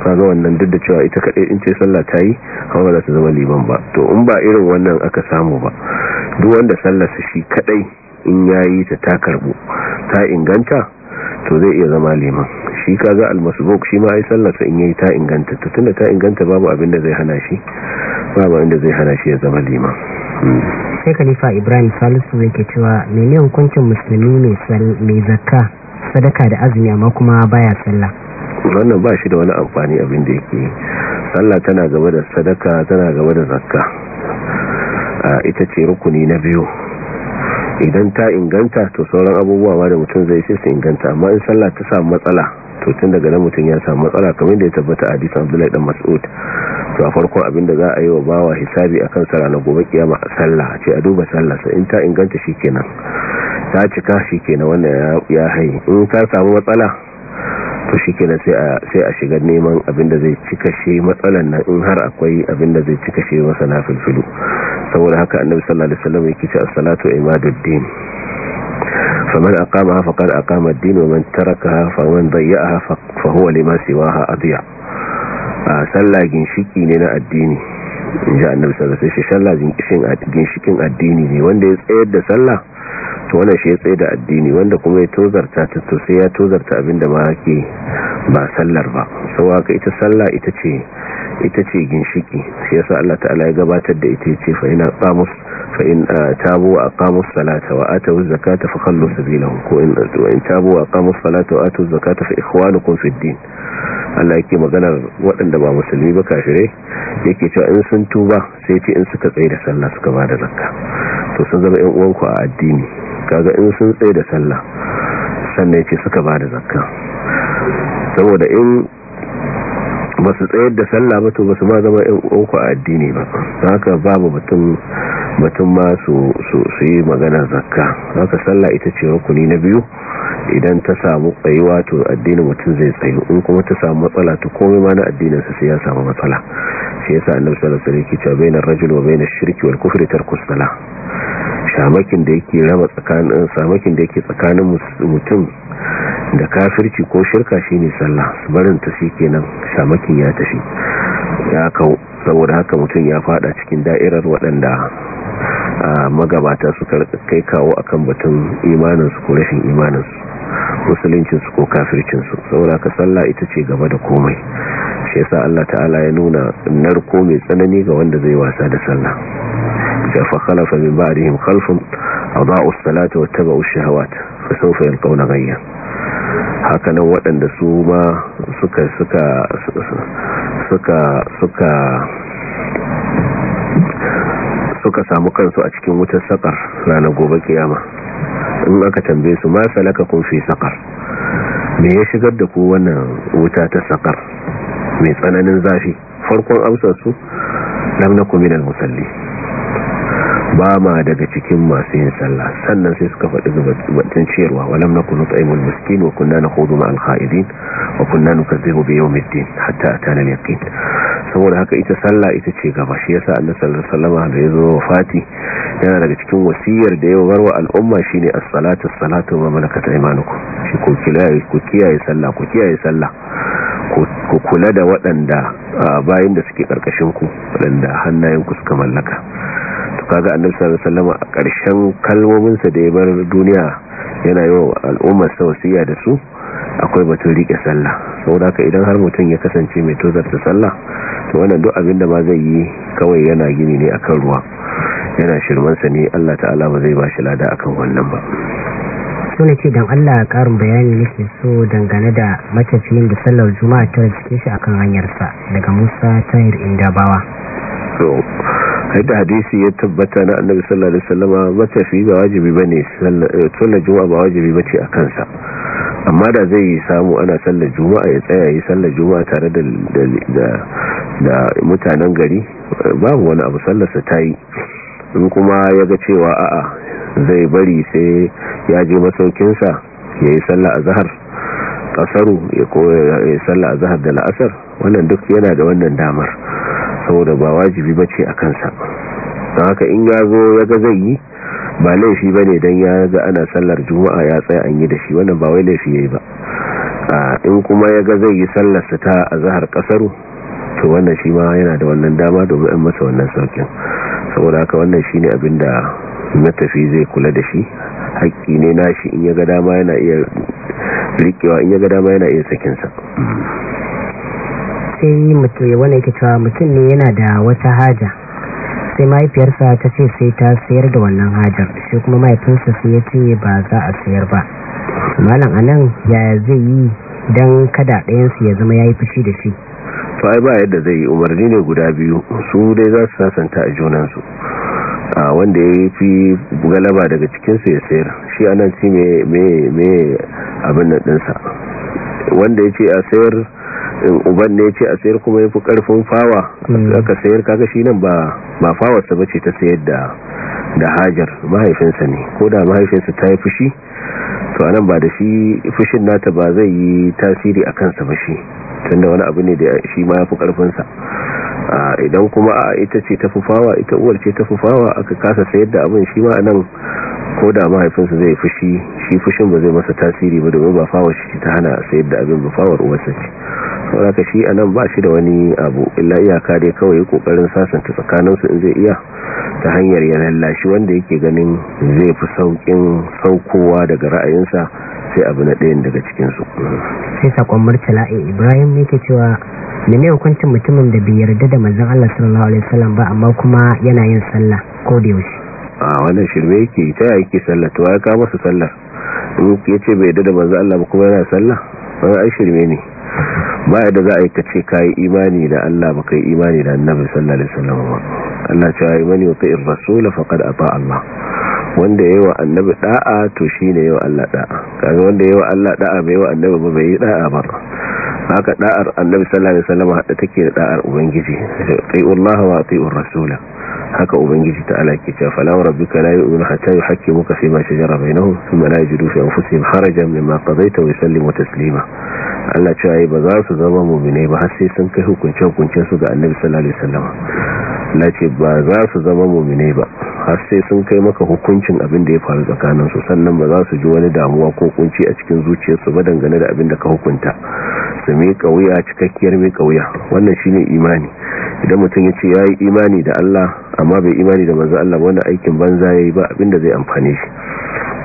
kaga wannan duk da cewa ita kadai in ce sallah ta yi amma za ta zama liman ba to in ba irin wannan aka samu ba duk wanda sallarsa shi kadai in yayi ta ta karbu ta inganta to zai iya zama liman shi kaga almasbuk shi ma ai sallarsa in yayi ta inganta to tunda ta inganta babu abin da zai hana shi babu abin da zai hana shi ya zama liman hmm. sai khalifa ibrahim salisu ke cewa mene hukuncin musulmi mai zakka sadaka da azumi amma kuma baya sallah wannan ba shi da wani amfani abin da yake sallah tana gaba da sadaka tana gaba da zakka ah, ita ce rukuni na biyu idan ta inganta to sauran abubuwa ma da mutum zai sai su inganta amma in sallah ta samu matsala to tun daga nan mutum ya samu matsala kamar da ya tabbata a hadisan Abdullahi dan Mas'ud to a farkon abin da za a yi wa bawa hisabi akan sara na gobe kiyama a sallah ce a duba sallah sai in ta inganta shikenan ta cika shikenan wannan ya hayi in ka samu matsala to shi kenan sai a shiga neman abinda zai cika shi matsalan nan in har akwai abinda zai cika shi masa na filfilu saboda haka annabi sallallahu alaihi wasallam yake cewa as-salatu imaduddin faman aqamaha faqad aqama ad-din wa man tarakaha faman dayya'aha fa huwa lima siwaha adiya sallah ginshiki ne na addini in ji annabi sallallahu alaihi wasallam sallah ginshikin addini ne wanda ya tsayar da sallah to wannan shi ya tsaye da addini wanda kuma ya tozarta ta to sai ya tozarta abinda ba ake ba sallar ba sau haka ita sallah ita ce ita ce ginshiki shi yasa Allah ta'ala ya gabatar da ita ce fa ina qamus fa in ah, tabu wa aqamus salata wa atu zakata fa khallu sabilahum ko in wa in tabu wa aqamus salata wa atu zakata fa ikhwanukum fid din Allah yake maganar waɗanda ba musulmi ba kafire yake cewa in sun tuba sai ce in suka tsaye da sallah suka ba da zakka to sun zama ƴan uwanku a addini kaga in sun tsaye da sallah sannan ce suka ba da zakka saboda in ba su tsayar da sallah ba to ba su ma zama yan uwanku a addini ba haka babu batun batun ma su yi magana zakka haka sallah ita ce rukuni na biyu idan ta samu tsayuwa to addinin mutum zai tsayu in kuma ta samu matsala to komai ma na addinin sa sai ya samu matsala shi yasa annabi sallallahu alaihi wasallam yake cewa bainar rajul wa bainash shirki wal kufri tarku salah shamakin da yake raba tsakanin samakin da yake tsakanin mutum da kafirci ko shirka shine sallah barin ta shikenan shamakin ya tafi ya kawo saboda haka mutum ya fada cikin da'irar waɗanda magabata su kai kawo akan batun imaninsu ko rashin imaninsu musuluncinsu ko kafircinsu saboda haka sallah ita ce gaba da komai shi yasa Allah ta'ala ya nuna narko mai tsanani ga wanda zai wasa da sallah ja fa khalafa min ba'dihim khalfun adaa'u as-salata wa tabau ash-shahawat fa sawfa yalqawna ghayya hakanan waɗanda su ma suka suka suka suka suka samu kansu a cikin wutar sakar ranar gobe kiyama in aka tambaye su ma salaka kun fi sakar me ya shigar da ku wannan wuta ta sakar mai tsananin zafi farkon amsar su lam nakum musalli. ba ma daga cikin masu yin sallah sannan sai suka faɗi gabatun ciyarwa walam na kunu tsaimul miskin wa kunna na hudu ma'al kha'idin wa kunna nuka zihu bi yau middin hatta a tanar yakin saboda haka ita sallah ita ce gaba shi yasa annan sallar salama da ya zo fati yana daga cikin wasiyar da ya warwa al'umma shine as-salatu as-salatu wa malakata shi ku kiyaye ku kiyaye sallah ku kiyaye sallah ku kula da waɗanda ah, bayan da suke ƙarƙashinku waɗanda hannayenku suka mallaka kaga annabi sallallahu alaihi wasallam a ƙarshen kalmominsa da ya bar duniya yana yi wa al'ummar sa da su akwai batun rike sallah saboda ka idan har mutum ya kasance mai tozar ta sallah to wannan duk abin da ba zai yi kawai yana gini ne akan ruwa yana shirmansa ne Allah ta'ala ba zai ba shi lada akan wannan ba so na ce don Allah karin bayani nake so dangane da matafiyin da sallar juma'a ta cike shi akan hanyarsa daga Musa Tahir Indabawa da hadisi ya tabbata na annabi sallallahu alaihi wasallama matafi ba wajibi bane eh, sallar juma'a ba wajibi bace a kansa amma da zai yi samu ana sallar juma'a ya tsaya yi sallar juma'a tare da da mutanen gari eh, babu wani abu sallarsa ta yi in kuma ya ga cewa a'a zai bari sai ya je masaukinsa ya yi sallar azhar asaru ya koyi sallar azhar da la'asar wannan duk yana da wannan damar saboda ba wajibi ba ce a kansa don haka in ya zo ya ga zai yi ba laifi ba ne don ya ga ana sallar juma'a ya tsaya an yi da shi wannan ba wai laifi ya yi ba in kuma ya ga zai yi sallarsa ta a zahar kasaru to wannan shi ma yana da wannan dama domin an masa wannan saukin saboda haka wannan shi ne abin da matafi zai kula da shi haƙƙi ne na shi in ya ga dama yana iya riƙewa in ya ga dama yana iya sakinsa sai mutum wani yake cewa mutum ne yana da wata haja sai mahaifiyarsa ta ce sai ta sayar da wannan hajar shi kuma mahaifinsa sai ya ce ba za a sayar ba malam anan ya zai yi don kada ɗayansu ya zama ya yi fushi da shi to ai ba yadda zai yi umarni ne guda biyu su dai za su sasanta a junansu a wanda ya fi galaba daga cikinsu ya sayar shi anan ci mai abin nan ɗinsa wanda ya ce a sayar uban ne ce a sayar kuma ya fi karfin fawa hmm. aka sayar kaga shi nan ba fawarsa ba ce ta sayar da hajar mahaifinsa ne ko da mahaifinsa ta yi fushi to anan ba da shi fushin nata ba zai yi tasiri a kansa ba shi tunda wani abu ne da shi ma ya fi karfinsa idan kuma a ita ce ta fi fawa, ita uwar ce ta fawa, aka kasa sayar da abin shi ma a ko da mahaifinsa zai fushi shi fushin ba zai masa tasiri ba domin ba fawar shi ta hana sayar da abin ba fawar uwarsa ce sauraka shi anan nan ba shi da wani abu illa iyaka dai kawai kokarin sasanta tsakaninsu in zai iya ta hanyar ya lallashi wanda yake ganin zai fi saukin saukowa daga ra'ayinsa sai abu na ɗayan daga cikinsu sai sakon murtala ibrahim yake cewa mene hukuncin mutumin da bai yarda da manzon allah sallallahu alaihi wasallam ba amma kuma yana yin sallah ko da yaushe a wannan shirme yake ta yake sallah to ya ka masa sallah in ce bai yarda da manzon allah ba kuma yana sallah wannan ai shirme ne baya da za a yi ka ce yi imani da Allah ba yi imani da annabi sallallahu alaihi wasallam ba Allah cewa mani wa ta'ir rasul faqad ata Allah wanda yayi wa annabi da'a to shine yayi wa Allah da'a kaga wanda yayi wa Allah da'a bai wa annabi ba bai yi da'a ba haka da'ar annabi sallallahu alaihi wasallam hada take da da'ar ubangiji sai Allah wa ta'ir rasul haka ubangiji ta'ala ke cewa fala rabbika la yu'minu hatta yuhaqqimuka fi ma shajara bainahum thumma la yajidu fi anfusihim harajan mimma qadaita wa yusallimu taslima Allah cewa ba za su zama mu'mine ba har sai sun kai hukuncin hukuncin su ga Annabi sallallahu alaihi wasallam na ce ba za su zama mummine ba har sai sun kai maka hukuncin abin da ya faru tsakaninsu sannan ba za su ji wani damuwa ko kunci a cikin zuciyarsu ba dangane da abin da ka hukunta su miƙa wuya cikakkiyar miƙa wuya wannan shi ne imani idan mutum ya ce ya yi imani da Allah amma bai imani da manzo Allah wani aikin banza ya yi ba abin da zai amfane shi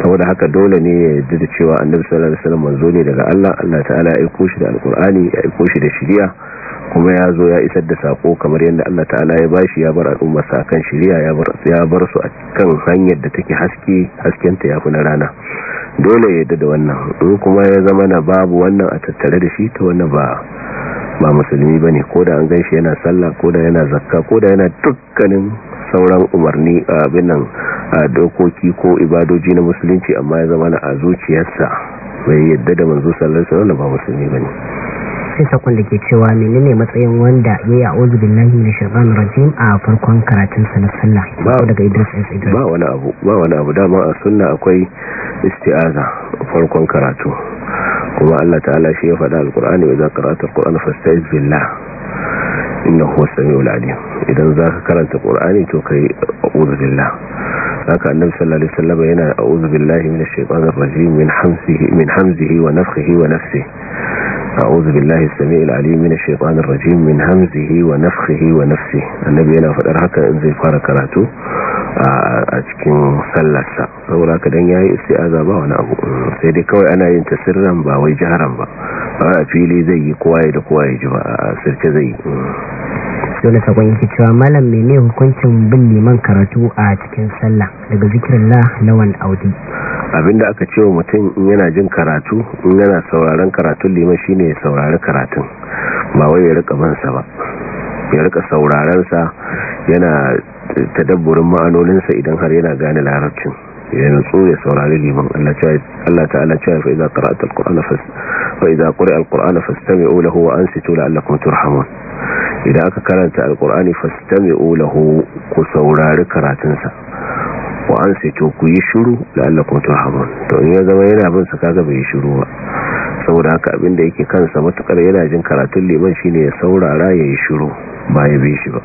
saboda haka dole ne ya yarda da cewa annabi sallallahu alaihi wasallam manzo ne daga Allah Allah ta'ala ya aiko shi da alkur'ani ya aiko shi da shari'a kuma ya zo ya isar da sako kamar yadda Allah ta'ala ya bashi ya bar al'umma sakan shiriya ya bar ya bar su a kan hanyar da take haske hasken ta yafi na rana dole ya yadda da wannan in kuma ya zama na babu wannan a tattare da shi to wannan ba ba musulmi bane ko da an ganshi yana sallah ko da yana zakka ko da yana dukkanin sauran umarni abin nan dokoki ko ibadoji na musulunci amma ya zama na a zuciyarsa bai yadda da manzo sallallahu alaihi wasallam ba musulmi bane sai sakon da ke cewa menene matsayin wanda ya yi a a'udhu billahi minash shaitanir rajim a farkon karatun sa na sallah ba daga Idris Idris ba wani abu ba wani abu dama a sunna akwai isti'aza farkon karatu kuma Allah ta'ala shi ya faɗa alqur'ani wa idza qara'ta alqur'ana fasta'iz billa inna huwa samiul 'alim idan za ka karanta qur'ani to ka kai a'udhu billah haka annabi sallallahu alaihi wasallam yana a'udhu billahi minash shaitanir rajim min hamzihi min hamzihi wa nafthihi wa nafsihi أعوذ بالله السميع العليم من الشيطان الرجيم من همزه ونفخه ونفسه annabi yana faɗar haka in zai fara karatu a cikin sallarsa saboda ka dan yayi isti'aza ba wani abu sai dai kawai ana yin ta sirran ba wai jaharan ba a'a fili zai yi kowa da kowa ya ji ba a sirke zai yi na sakon yake cewa malam mene hukuncin bin neman karatu a cikin sallah daga zikirin la lawan audi abinda aka cewa mutum in yana jin karatu in yana sauraron karatun liman shine ya saurari karatun ba wai ya rika bansa ba ya rika sauraron sa yana tadabburin ma'anoninsa idan har yana gane larabcin ya nutsu ya saurari liman Allah ta'ala cewa fa idza qara'ta al-qur'ana fas fa idza quri'a al-qur'ana fastami'u lahu wa ansitu la'allakum turhamun idan aka karanta alkur'ani mai lahu ku saurari karatunsa wa an saito ku yi shiru la'allakum turhamun to in ya zama yana bin sa kaga bai shiru ba saboda haka abin da yake kansa matukar yana jin karatun liman shine ya saurara ya yi shiru ba ya bi shi ba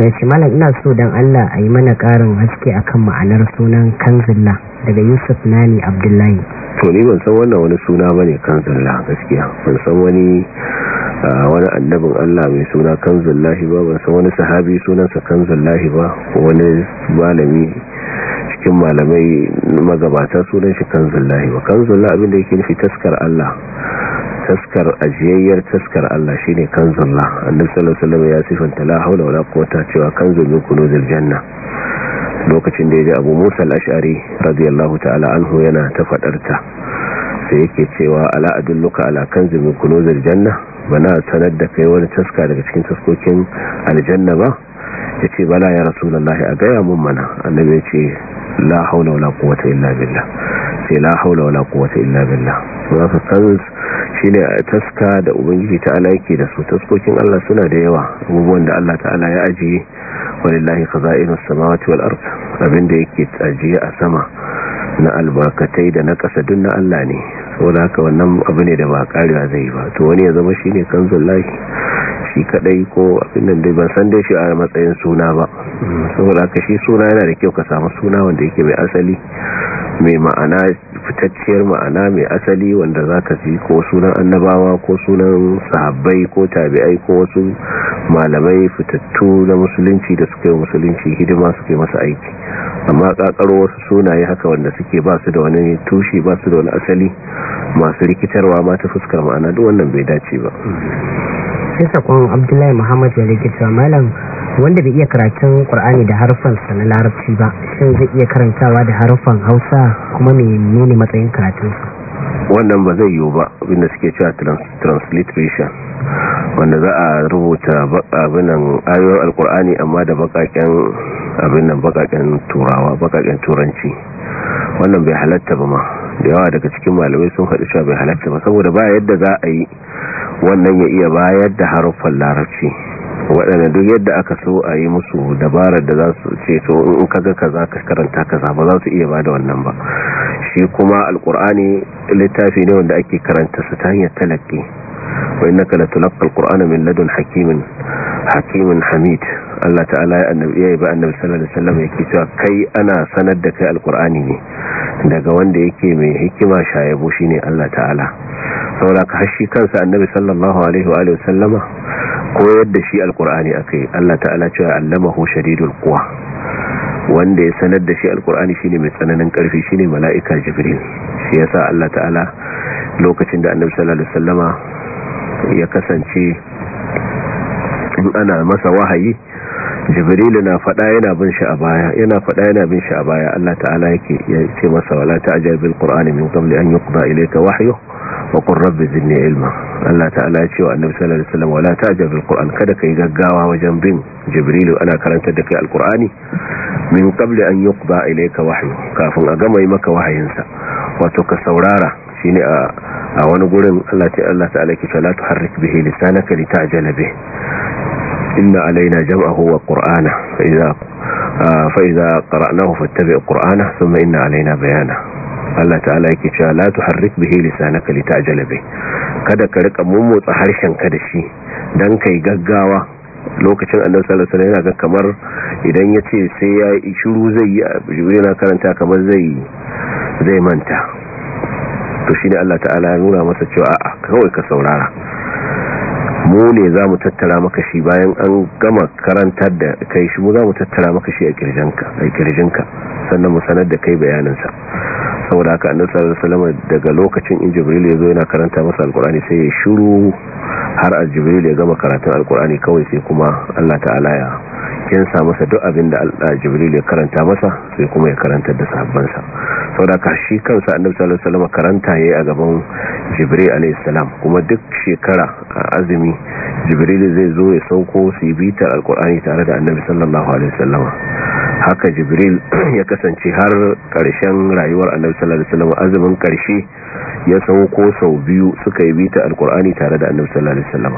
yace malam ina so dan Allah a yi mana karin haske akan ma'anar sunan kanzilla daga Yusuf Nani Abdullahi to ni ban san wannan wani suna bane kanzilla gaskiya ban san wani wani annabin Allah mai suna kanzul lahi ba ba sa wani sahabi sunansa kanzul lahi ba ko wani malami cikin malamai magabata sunan shi kanzul lahi ba kanzul lahi abinda yake nufi taskar Allah taskar ajiyayyar taskar Allah shine kanzul lahi annabi sallallahu ya sifanta la haula wala quwwata cewa kanzul min kunuzil janna lokacin da ya ji abu musa al'ashari radiyallahu ta'ala anhu yana ta faɗarta sai yake cewa ala'adun luka alakan zumin kunozar janna bana sanar da kai wani taska daga cikin taskokin aljanna ba ya ce bala ya rasulullahi a gaya mun mana annabi ya ce la haula wala quwwata illa billah ce la haula wala quwwata illa billah wasu tsanz shine taska da ubangiji ala yake da su taskokin Allah suna da yawa abubuwan da Allah ta'ala ya ajiye walillahi khaza'inus samawati wal ard abinda yake ajiye a sama na albarkatai da na kasa duk na Allah ne saboda haka wannan abu ne da ba karewa zai ba to wani ya zama shi ne kan lahi shi kadai ko abin da ba ban san dai shi a matsayin suna ba mm. saboda haka shi suna yana da kyau ka samu suna wanda yake mai asali mai ma'ana fitacciyar ma'ana mai asali wanda za ka fi ko sunan annabawa ko sunan sahabbai ko tabi'ai ko wasu malamai fitattu na musulunci da suka yi musulunci hidima suke masa aiki amma kakar wasu sunaye haka wanda suke ba su da wani tushe ba su da wani asali masu rikitarwa ma ta fuskar ma'ana duk wannan bai dace ba sai sakon abdullahi muhammad ya rikita malam wanda bai iya karatun qur'ani da harfan sa na larabci ba shin zai iya karantawa da harfan hausa kuma mai nuni matsayin karatun sa wannan ba zai yiwu ba abinda suke cewa transliteration wanda za a rubuta abinan ayoyin alkur'ani amma da bakaken abinan bakaken turawa bakaken turanci wannan bai halatta ba ma da yawa daga cikin malamai sun haɗu cewa bai halatta ba saboda ba yadda za a yi wannan ya iya bayar da haruffan larabci waɗanda duk yadda aka so a yi musu dabarar da za su ce to in kaga kaza ka karanta kaza ba za su iya ba da wannan ba shi kuma alkur'ani littafi ne wanda ake karanta su ta hanyar talaki wa innaka latulaqqa alqur'ana min ladun hakimin hakimin hamid Allah ta'ala ya annabi yayi ba annabi sallallahu alaihi wasallam yake cewa kai ana sanar da kai alqur'ani ne daga wanda yake mai hikima shayabo shine Allah ta'ala saboda ka hashi kansa annabi sallallahu alaihi wa alihi wasallama koyar da shi alqur'ani akai Allah ta'ala cewa allamahu shadidul quwa wanda ya sanar da shi alqur'ani shine mai tsananin karfi shine mala'ika jibril shi yasa Allah ta'ala lokacin da annabi sallallahu alaihi ya kasance ana masa wahayi jibrilu na fada yana bin shi a baya yana fada yana bin shi a baya Allah ta'ala yake ya ce masa wala ta'jal bil qur'ani min qabli an yuqda ilayka wahyu wa qur rabbi zidni ilma Allah ta'ala ya ce wa annabi sallallahu alaihi wasallam wala ta'jal bil qur'an kada kai gaggawa wajen bin jibrilu ana karanta da kai alkur'ani min qabli an yuqda ilayka wahyu kafin a gama yi maka wahayinsa wato ka saurara shine a a wani gurin Allah ta Allah ta'ala ke salatu harrik bihi lisanaka litajala jalabe. inna alaina jam'ahu wa qur'ana fa idza fa idza qara'nahu fattabi' qur'ana thumma inna alaina bayana Allah ta'ala yake cewa la tuharrik bihi lisanaka litajala bi kada ka rika mummotsa harshen ka da shi dan kai gaggawa lokacin annabi sallallahu alaihi wasallam yana kamar idan yace sai ya shiru zai yi yana karanta kamar zai zai manta to shine Allah ta'ala ya nuna masa cewa a'a kawai ka saurara mu ne za mu tattara maka shi bayan an gama karantar da kai shi mu za mu tattara maka shi a kirjinka sannan mu sanar da kai bayaninsa saboda haka annabi sallallahu alaihi wasallam daga lokacin in jibril ya zo yana karanta masa alqur'ani sai ya shiru har jibril ya gama karatun alqur'ani kawai sai kuma Allah ta'ala ya kinsa masa duk abin da jibril ya karanta masa sai kuma ya karanta da sa saboda haka shi kansa annabi sallallahu alaihi wasallam karanta yayi a gaban jibril alaihi salam kuma duk shekara azumi jibril zai zo ya sauko su yi bitar alqur'ani tare da annabi sallallahu alaihi wasallam haka jibril ya kasance har karshen rayuwar annabi sallallahu alaihi wasallam azumin karshe ya ko sau biyu suka yi bita alkur'ani tare da annabi sallallahu alaihi wasallam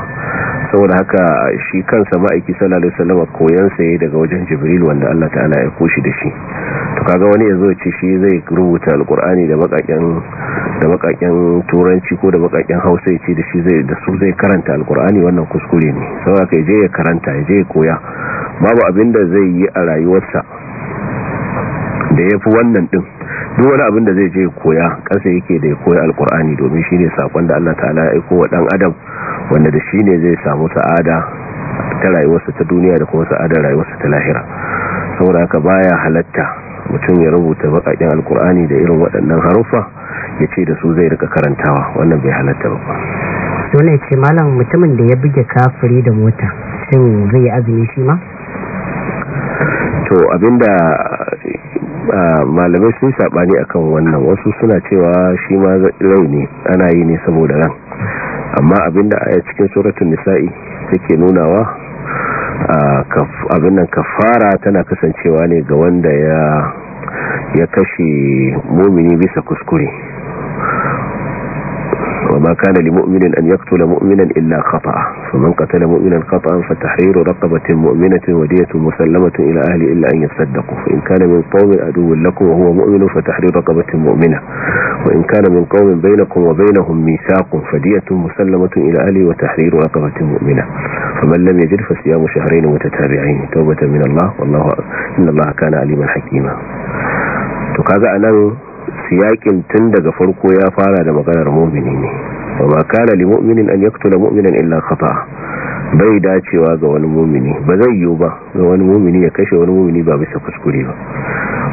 saboda haka shi kansa ma'aiki sallallahu alaihi wasallam koyan sa yayi daga wajen jibril wanda Allah ta'ala ya koshi da shi to kaga wani yazo ya ce shi zai rubuta alkur'ani da bakakken da bakakken turanci ko da bakakken hausa ya ce da shi zai da su zai karanta alkur'ani wannan kuskure ne saboda kai je ya karanta ya je ya koya babu abin da zai yi a rayuwarsa da ya fi wannan din. duk wani abin da zai je koya ƙasa yake da ya koya alkur'ani domin shi ne saƙon da allah ta'ala ya aiko wa ɗan adam wanda da shi ne zai samu sa'ada ta rayuwarsa ta duniya da kuma sa'adar rayuwarsa ta lahira saboda haka baya halatta mutum ya rubuta baƙaƙen alkur'ani da irin waɗannan haruffa ya ce da su zai rika karantawa wannan bai halatta ba dole ce malam mutumin da ya buge kafiri da mota shin zai azumi shi ma to abinda malamai sun a kan wannan wasu suna cewa shi ma zai ne ana yi ne saboda ran amma abinda a cikin suratun nisa'i take nunawa abin nan kafara tana kasancewa ne ga wanda ya kashe mumini bisa kuskure وما كان لمؤمن أن يقتل مؤمنا إلا خطأ فمن قتل مؤمنا خطأ فتحرير رقبة مؤمنة ودية مسلمة إلى أهل إلا أن يصدقوا فإن كان من قوم أدو لكم وهو مؤمن فتحرير رقبة مؤمنة وإن كان من قوم بينكم وبينهم ميثاق فدية مسلمة إلى أهل وتحرير رقبة مؤمنة فمن لم يجد فصيام شهرين متتابعين توبة من الله والله إن الله كان عليما حكيما to kaga anan yakin tun daga farko ya fara da maganar mu'mini ne wa ma kana lil mu'minin an yaqtula mu'minan illa khata bai dacewa ga wani mu'mini ba zai yiwu ba ga wani mu'mini ya kashe wani mu'mini ba bisa kuskure ba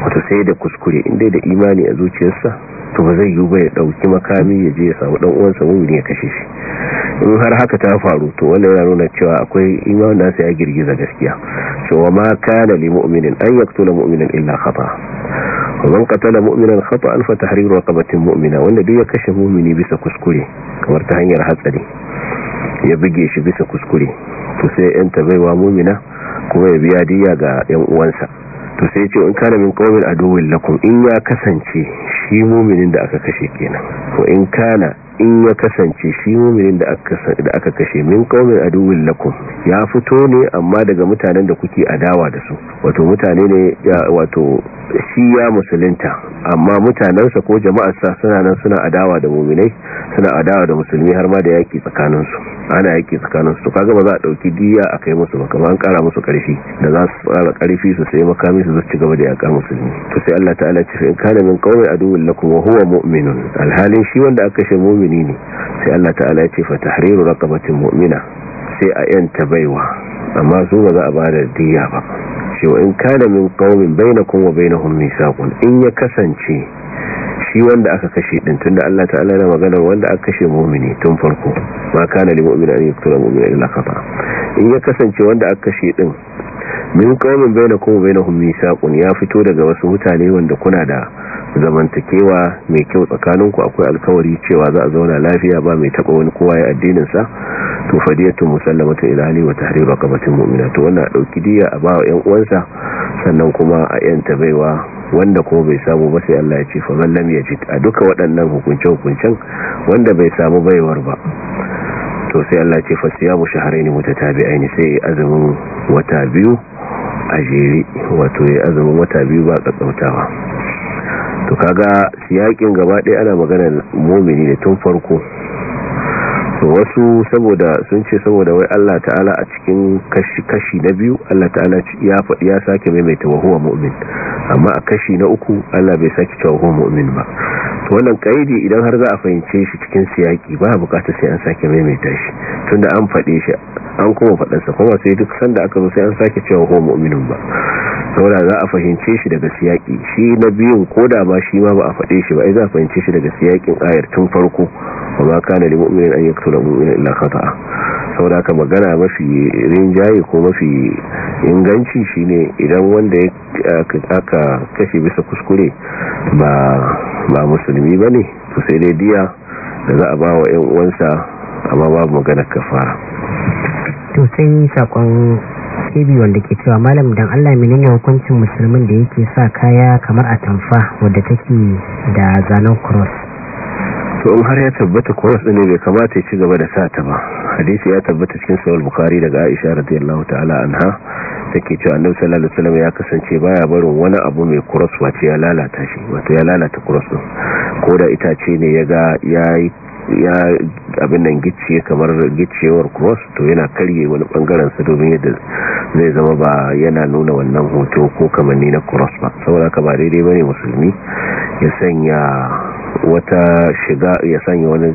wato sai da kuskure inda da imani a zuciyarsa to ba zai yiwu ba ya dauki makami ya je ya samu dan uwansa mu'mini ya kashe shi in har haka ta faru to wannan yana nuna cewa akwai da nasa ya girgiza gaskiya so wa ma kana lil mu'minin an yaqtula mu'minan illa khata man qatala mu'minan khata'an fa tahriru raqabatin mu'mina wanda duk ya kashe mu'mini bisa kuskure kamar ta hanyar hatsari ya buge shi bisa kuskure to sai yan tabaiwa mu'mina kuma ya biya diya ga yan uwansa to sai ce in kana min qawmin aduwwin lakum in ya kasance shi mu'minin da aka kashe kenan ko in kana in ya kasance shi muminin da aka kashe min a aduwwin lakum ya fito ne amma daga mutanen da kuke adawa da su wato mutane ne wato shi ya musulunta amma mutanensa ko jama'arsa suna nan suna adawa da muminai suna adawa da musulmi har ma da yaki tsakaninsu ana yaki tsakanin su kaga ba za a dauki diya a kai musu ba kamar an kara musu karfi da za su fara karfi su sai makami su ci gaba da yaka musulmi to sai Allah ta'ala ce in kana min qaumi aduwwin lakum wa huwa mu'minun alhalin shi wanda aka shi mu'mini ne sai Allah ta'ala ya ce fa tahriru raqabatin mu'mina sai a yanta baiwa amma su ba za a bada diya ba cewa in kana min qaumin bainakum wa bainahum misaqun in ya kasance shi wanda aka kashe din tunda Allah ta'ala yana magana wanda aka kashe mu'mini tun farko ma kana lil mu'mini an yaqtula mu'mina illa khata in ya kasance wanda aka kashe din min qaumin bainakum bainahum misaqun ya fito daga wasu mutane wanda kuna da zamantakewa mai kyau tsakaninku akwai alkawari cewa za a zauna lafiya ba mai taba wani kowa ya addinin sa to fadiyatu musallamatu ila ali wa tahriru qabati mu'mina to wannan dauki diya a ba wa yan uwansa sannan kuma a yanta baiwa wanda ko bai samu ba sai Allah ya ce fa man lam yajid a duka waɗannan hukunce hukuncen wanda bai samu baiwar ba to sai Allah ya ce fa siyamu shahrayn mutatabi'ain sai azumin wata biyu a jere wato ya azumin wata biyu ba kakkautawa to kaga siyakin gaba ɗaya ana magana mumini ne tun farko to wasu saboda sun ce saboda wai Allah ta'ala a cikin kashi-kashi na biyu Allah ta'ala ya faɗi ya sake maimaita wa huwa mu'min amma a kashi na uku Allah bai sake cewa huwa mu'min ba to wannan kaidi idan har za a fahimce shi cikin siyaki ba bukatar sai an sake maimaita shi tunda an faɗe shi an kuma faɗansa kuma sai duk sanda aka zo sai an sake cewa ko muminin ba saboda za a fahimce shi daga siyaki shi na biyun da ba shi ma ba a faɗe shi ba ai a fahimce shi daga siyakin ayar tun farko wa ma kana lil mu'minin an yaktula mu'mina illa khata'a saboda haka magana mafi rinjaye ko mafi inganci shine idan wanda ya aka kashe bisa kuskure ba ba musulmi musulmi ba ne su sai dai diya da za a ba wa 'yan uwansa amma babu maganar kafara to sai sakon kebi wanda ke cewa malam don Allah menene hukuncin musulmin da yake sa kaya kamar atamfa wadda take da zanen cross to in har ya tabbata cross ne bai kamata ya ci gaba da sa ta ba hadisi ya tabbata cikin sahih bukhari daga aisha radiyallahu ta'ala anha take cewa annabi sallallahu alaihi wasallam ya kasance baya barin wani abu mai kuros wace ya lalata shi wato ya lalata kuros din ko da itace ne ya ga yayi ya abin nan gici kamar gicciyewar cross to yana karye wani bangaren sa domin yadda zai zama ba yana nuna wannan hoto ko kamanni na cross ba saboda ka ba daidai bane musulmi ya sanya wata shiga ya sanya wani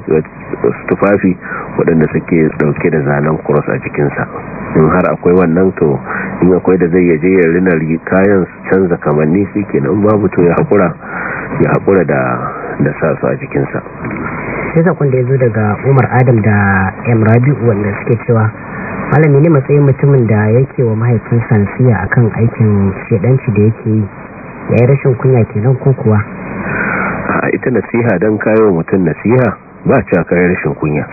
tufafi waɗanda suke ɗauke da zanen cross a jikinsa in har akwai wannan to in akwai da zai yaje ya rina kayan canza kamanni ke kenan babu to ya haƙura ya haƙura da sa su a jikinsa sai zakon da ya zo daga umar adam da m. rabi'u wanda suke cewa malami ne matsayin mutumin da yake wa mahaifinsa a akan aikin shedanci da yake yi ya yi rashin kunya kenan ko kuwa a ita nasiha don kayo mutum nasiha ba a kayan rashin kunya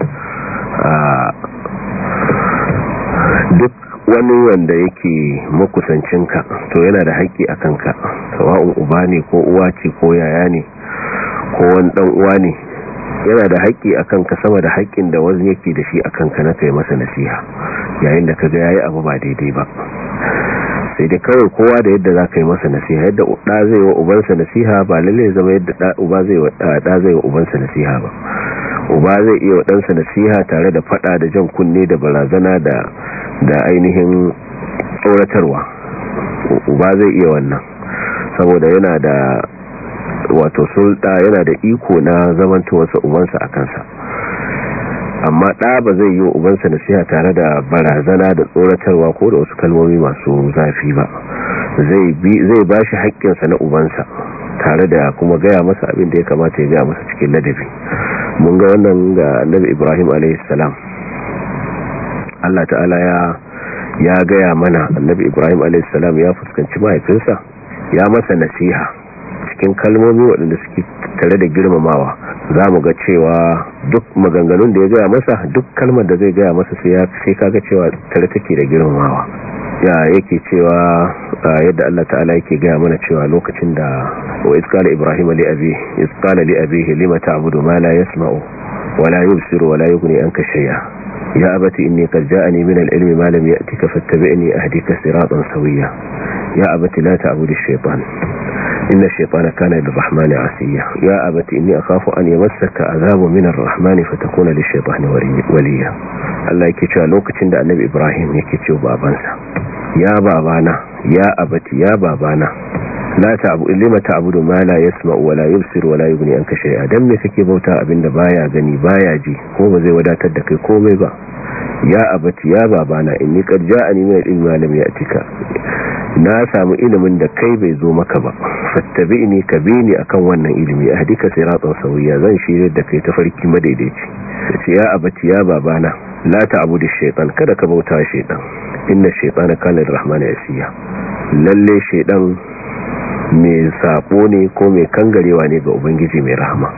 duk wani wanda yake makusancinka to yana da haƙƙi a kanka sawa'un uba ne ko uwa ce ko yaya ne ko wani ɗan uwa ne yana da haƙƙi a kanka sama da haƙƙin da wani yake da shi a kanka na kai masa nasiha yayin da ka ga yayi abu ba daidai ba sai dai kawai kowa da yadda za ka yi masa nasiha yadda ɗa zai wa ubansa nasiha ba lalle zama yadda uba zai wa ɗa zai wa ubansa nasiha ba uba zai iya wa ɗansa nasiha tare da faɗa da jan kunne da barazana da da ainihin tsoratarwa uba zai iya wannan saboda yana da wato sulɗa yana da iko na zamantowarsa ubansa a kansa amma ɗa ba zai yi wa ubansa nasiha tare da barazana da tsoratarwa ko da wasu kalmomi masu zafi ba zai ba shi sa na ubansa tare da kuma gaya masa abin da ya kamata ya gaya masa cikin ladabi mun ga wannan ga annabi ibrahim alaihissalam allah ta'ala ya ya gaya mana annabi ibrahim alaihissalam ya fuskanci mahaifinsa ya masa nasiha cikin kalmomi waɗanda suke tare da girmamawa za mu ga cewa duk maganganun da ya gaya masa duk kalmar da zai gaya masa sai kaga cewa tare take da girmamawa ya yake cewa yadda Allah ta'ala yake gaya mana cewa lokacin da wa iskala ibrahim li abi iskala li abihi lima ta'budu ma la yasma'u wa la yubsiru wa la yughni anka shay'a ya abati inni qad ja'ani min al-ilmi ma lam ya'tika fattabi'ni ahdika siratan sawiyya ya abati la ta'budu ash-shaytan إن الشيطان كان للرحمن عسيا يا أبت إني أخاف أن يمسك عذاب من الرحمن فتكون للشيطان وليا الله يكيشوا لوكتين دا النبي إبراهيم يكيشوا بابانسا يا بابانا يا أبت يا بابانا la ta'budu lima ta'budu ma la yasma'u wa la yubsiru wa la yughni anka shay'a dan me kake bauta abinda baya gani baya ji ko ba zai wadatar da kai komai ba ya abati ya babana inni qad ja'ani min al-ilmi lam ya'tika na samu ilimin da kai bai zo maka ba fattabi'ni ka bini akan wannan ilimi ahdika siratan sawiya zan shirye da kai ta farki madaidaici sai ya abati ya babana la ta'budu shaytan kada ka bauta shaytan inna shaytana kana ya asiya lalle shaytan mai sabo ne ko mai kangarewa ne ga ubangiji mai rahama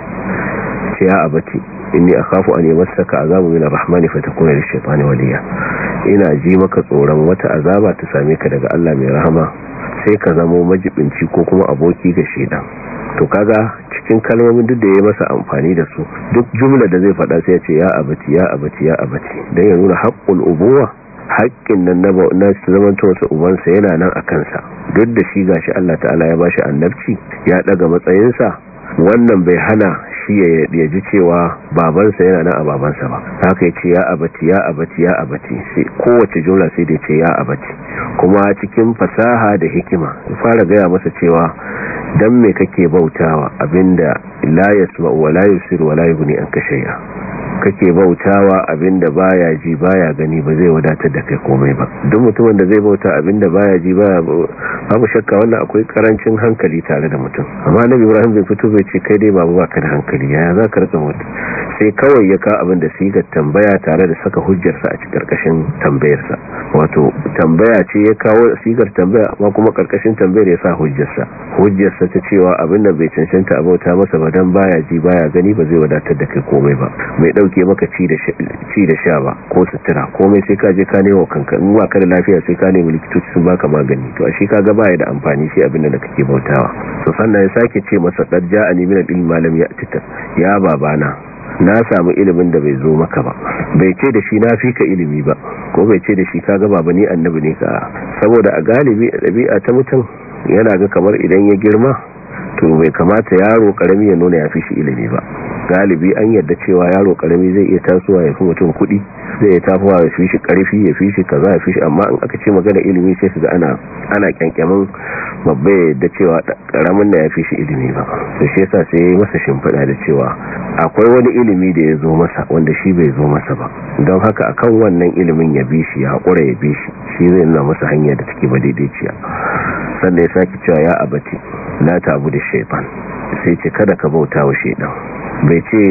ce ya abati inni akhafu an yamassaka azabu min arrahmani fatakuna lishaytani waliya ina ji maka tsoron wata azaba ta same ka daga Allah mai rahama sai ka zamo majibinci ko kuma aboki ga shedan to kaga cikin kalmomin duk da ya masa amfani da su duk jumla da zai faɗa sai ya ce ya abati ya abati ya abati dan ya nuna haqqul ubuwa haƙƙin nan na ta wasu ubansa yana nan a kansa duk da shi gashi Allah ta'ala ya bashi annabci ya daga matsayinsa wannan bai hana shi ya ji cewa babansa yana nan a babansa ba haka ce ya abati ya abati ya abati kowace jumla sai da ce ya abati kuma cikin fasaha da hikima fara gaya masa cewa dan me kake bautawa abinda la yasma wa la yusir wa la yughni an kake bautawa abinda baya ji baya gani ba zai wadatar da kai komai ba duk mutumin da zai bauta abinda baya ji baya babu shakka wannan akwai karancin hankali tare da mutum amma nabi ibrahim bai fito bai ce kai dai babu baka da hankali yaya za ka rika mutum sai kawai ya ka abin da sigar tambaya tare da saka hujjarsa a cikin karkashin tambayarsa wato tambaya ce ya kawo sigar tambaya amma kuma karkashin tambayar ya sa hujjarsa hujjarsa ta cewa abinda da bai cancanta bauta masa ba dan baya ji baya gani ba zai wadatar da kai komai ba mai dauke maka ci da sha ba ko sutura komai sai ka je ka newa kanka in ba ka da lafiya sai ka nemi likitoci sun baka magani to ashe ka ga baya da amfani shi abin da kake bautawa to sannan ya sake ce masa qad a nemi al-ilmi ma lam ya babana na samu ilimin da bai zo maka ba bai ce da shi na fi ka ilimi ba ko bai ce da shi ka gaba ba ni annabi ne ka saboda a galibi a ɗabi'a ta mutum yana ga kamar idan ya girma to bai kamata yaro karami ya nuna ya fi shi ilimi ba galibi an yadda cewa yaro karami zai iya tasowa ya fi mutum kudi zai iya tasowa ya fi shi karfi ya fi shi kaza ya fi shi amma in aka ce magana ilimi sai su da ana ana kyankyamin babba da cewa karamin na ya fi shi ilimi ba to shi yasa sai masa shimfiɗa da cewa akwai wani ilimi da ya zo masa wanda shi bai zo masa ba don haka akan wannan ilimin ya bi shi ya haƙura ya bi shi shi zai nuna masa hanya da take ba daidai daidaiciya sannan ya sake cewa ya abati na tabu da shaifan sai ce kada ka bauta wa shaidan bai ce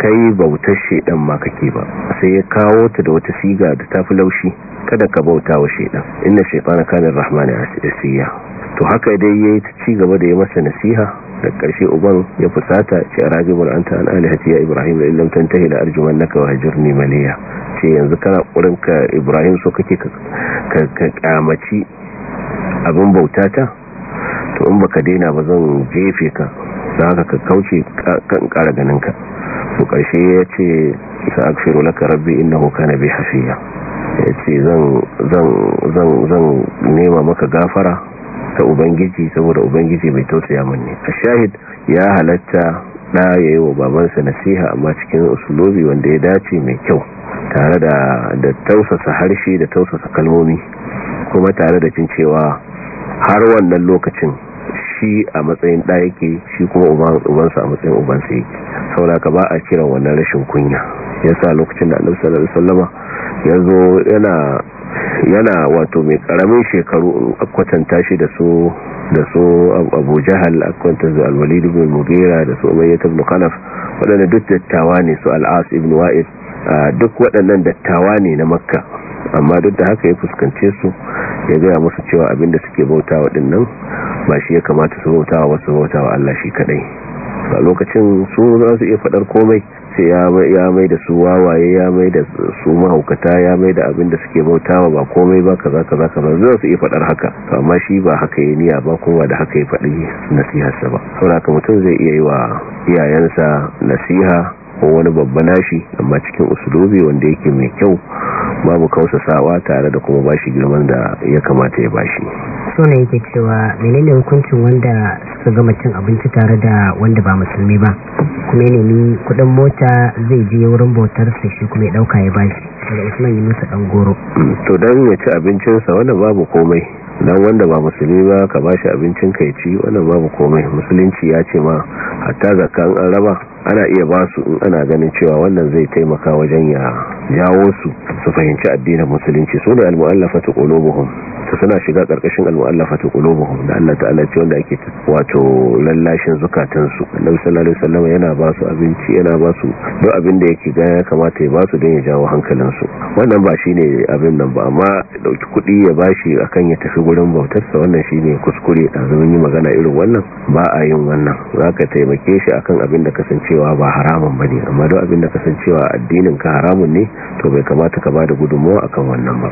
kai bautar shaidan ma kake ba sai ya kawo ta da wata siga da tafi laushi kada ka bauta wa shedan inna shaytana kana rahmani asiya to haka dai yayi ci gaba da ya masa nasiha da karshe uban ya fusata ce a anta an ta ya ibrahim da illam tantahi la na kawai wa hajirni maliya ce yanzu kana kurin ka ibrahim so kake ka kyamaci abin bautata to in baka daina ba zan jefe ka za haka ka kauce kan kara ka su karshe ya ce sa akfiru laka rabbi hoka na bi hafiya ya ce zan nema maka gafara ta ubangiji saboda ubangiji mai tausaya ya manne a shahid ya halatta da ya yi wa babansa nasiha amma cikin usulobi wanda ya dace mai kyau tare da tausasa harshe da tausasa kalmomi kuma tare da cin cewa har wannan lokacin shi a matsayin ɗa yake shi kuma ubansa a matsayin ubansa yake ka ba a kiran wannan rashin kunya ya sa lokacin da annabi sallallahu alaihi ya zo yana wato mai karamin shekaru kwatanta shi da su da su abu jahal da su alwalid ibn mugira da su umar ibn khalaf waɗanda duk dattawa ne su al'as ibn wa'id duk waɗannan dattawa ne na makka amma duk da haka ya fuskance su ya gaya musu cewa abinda suke bauta waɗannan ba shi ya kamata su bauta wa wasu bauta wa Allah shi kadai a lokacin su za su iya fadar komai sai ya mai da su wawaye ya mai da su mahaukata ya mai da abin da suke bautawa ba komai ba kaza kaza kaza za su iya fadar haka amma shi ba haka yi niya ba kuma da haka yi faɗi nasiharsa ba saboda mutum zai iya yi wa iyayensa nasiha ko wani babba nashi amma cikin usulobi wanda yake mai kyau babu kausa sawa tare da kuma bashi girman da ya kamata ya bashi so ne yake cewa menene hukuncin wanda suka gama cin abinci tare da wanda ba musulmi ba kuma ne ni kudin mota zai je wurin bautar sa shi kuma ya dauka ya bashi daga Usman Yunusa dan goro to dan ya ci abincin sa wanda babu komai dan wanda ba musulmi ba ka ba shi abincin kai ci wannan babu komai musulunci ya ce ma hatta zakan an raba ana iya ba su in ana ganin cewa wannan zai taimaka wajen ya jawo su su fahimci addinin musulunci sunan ne al-mu'allafatu qulubuhum ta suna shiga karkashin ta qulubuhum da Allah ta ce wanda ake wato lallashin zukatansu su sallallahu alaihi yana ba su abinci yana ba su duk abin da yake ga ya kamata ya ba su don ya jawo hankalin su wannan ba shi ne abin nan ba amma dauki kuɗi ya bashi akan ya tafi gurin bautarsa wannan wannan ne kuskure a zaman yi magana irin wannan ba a yin wannan za ka taimake shi akan abin da kasancewa ba haramun ba ne amma duk abin da kasancewa addinin ka haramun ne to bai kamata ka ba da gudunmawa akan wannan ba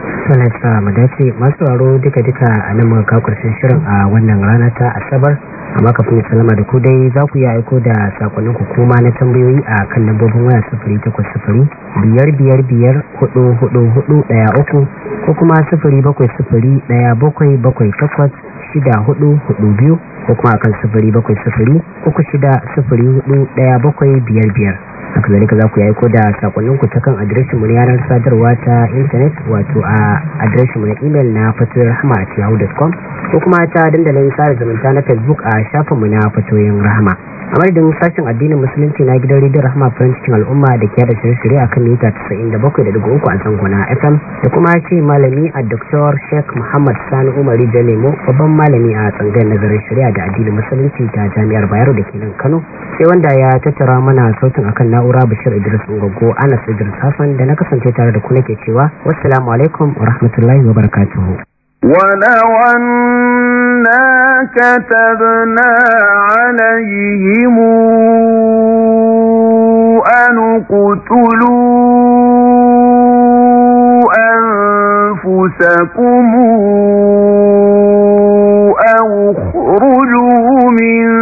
dace masu sauraro duka-duka a nan muka kakursin shirin a wannan rana ta asabar amma kafin ya salama da ku dai za ku yi aiko da sakonnin hukuma na tambayoyi a kan lambobin waya sufuri takwas sufuri biyar biyar biyar hudu hudu hudu daya uku ko kuma sufuri bakwai sufuri daya bakwai bakwai takwas shida hudu hudu biyu ko kuma akan sufuri bakwai sufuri uku shida sufuri hudu daya bakwai biyar biyar haka ka za ku yayi aiko da ku ta kan adireshin mu na yanar sadarwa ta intanet wato a adireshin mu na imel na fatoyin rahama a yahoo.com ko kuma ta dandalin tsara zumunta na facebook a shafin mu na fatoyin rahama a madadin sashen addinin musulunci na gidan rediyon rahama farin cikin al'umma da ke da shirye-shirye a kan mita 97.3 a zangona fm da kuma ce malami a dr sheikh muhammad sani umari jalemo babban malami a tsangayin nazarin shari'a da addinin musulunci ta jami'ar bayero da ke nan kano sai wanda ya tattara mana sautin akan na na'ura bashir idris ungogo anas idris hafan da na kasance tare da ku nake cewa wassalamu alaikum wa rahmatullahi wa barakatuhu ولو أنا كتبنا عليهم أن اقتلوا أنفسكم أو اخرجوا من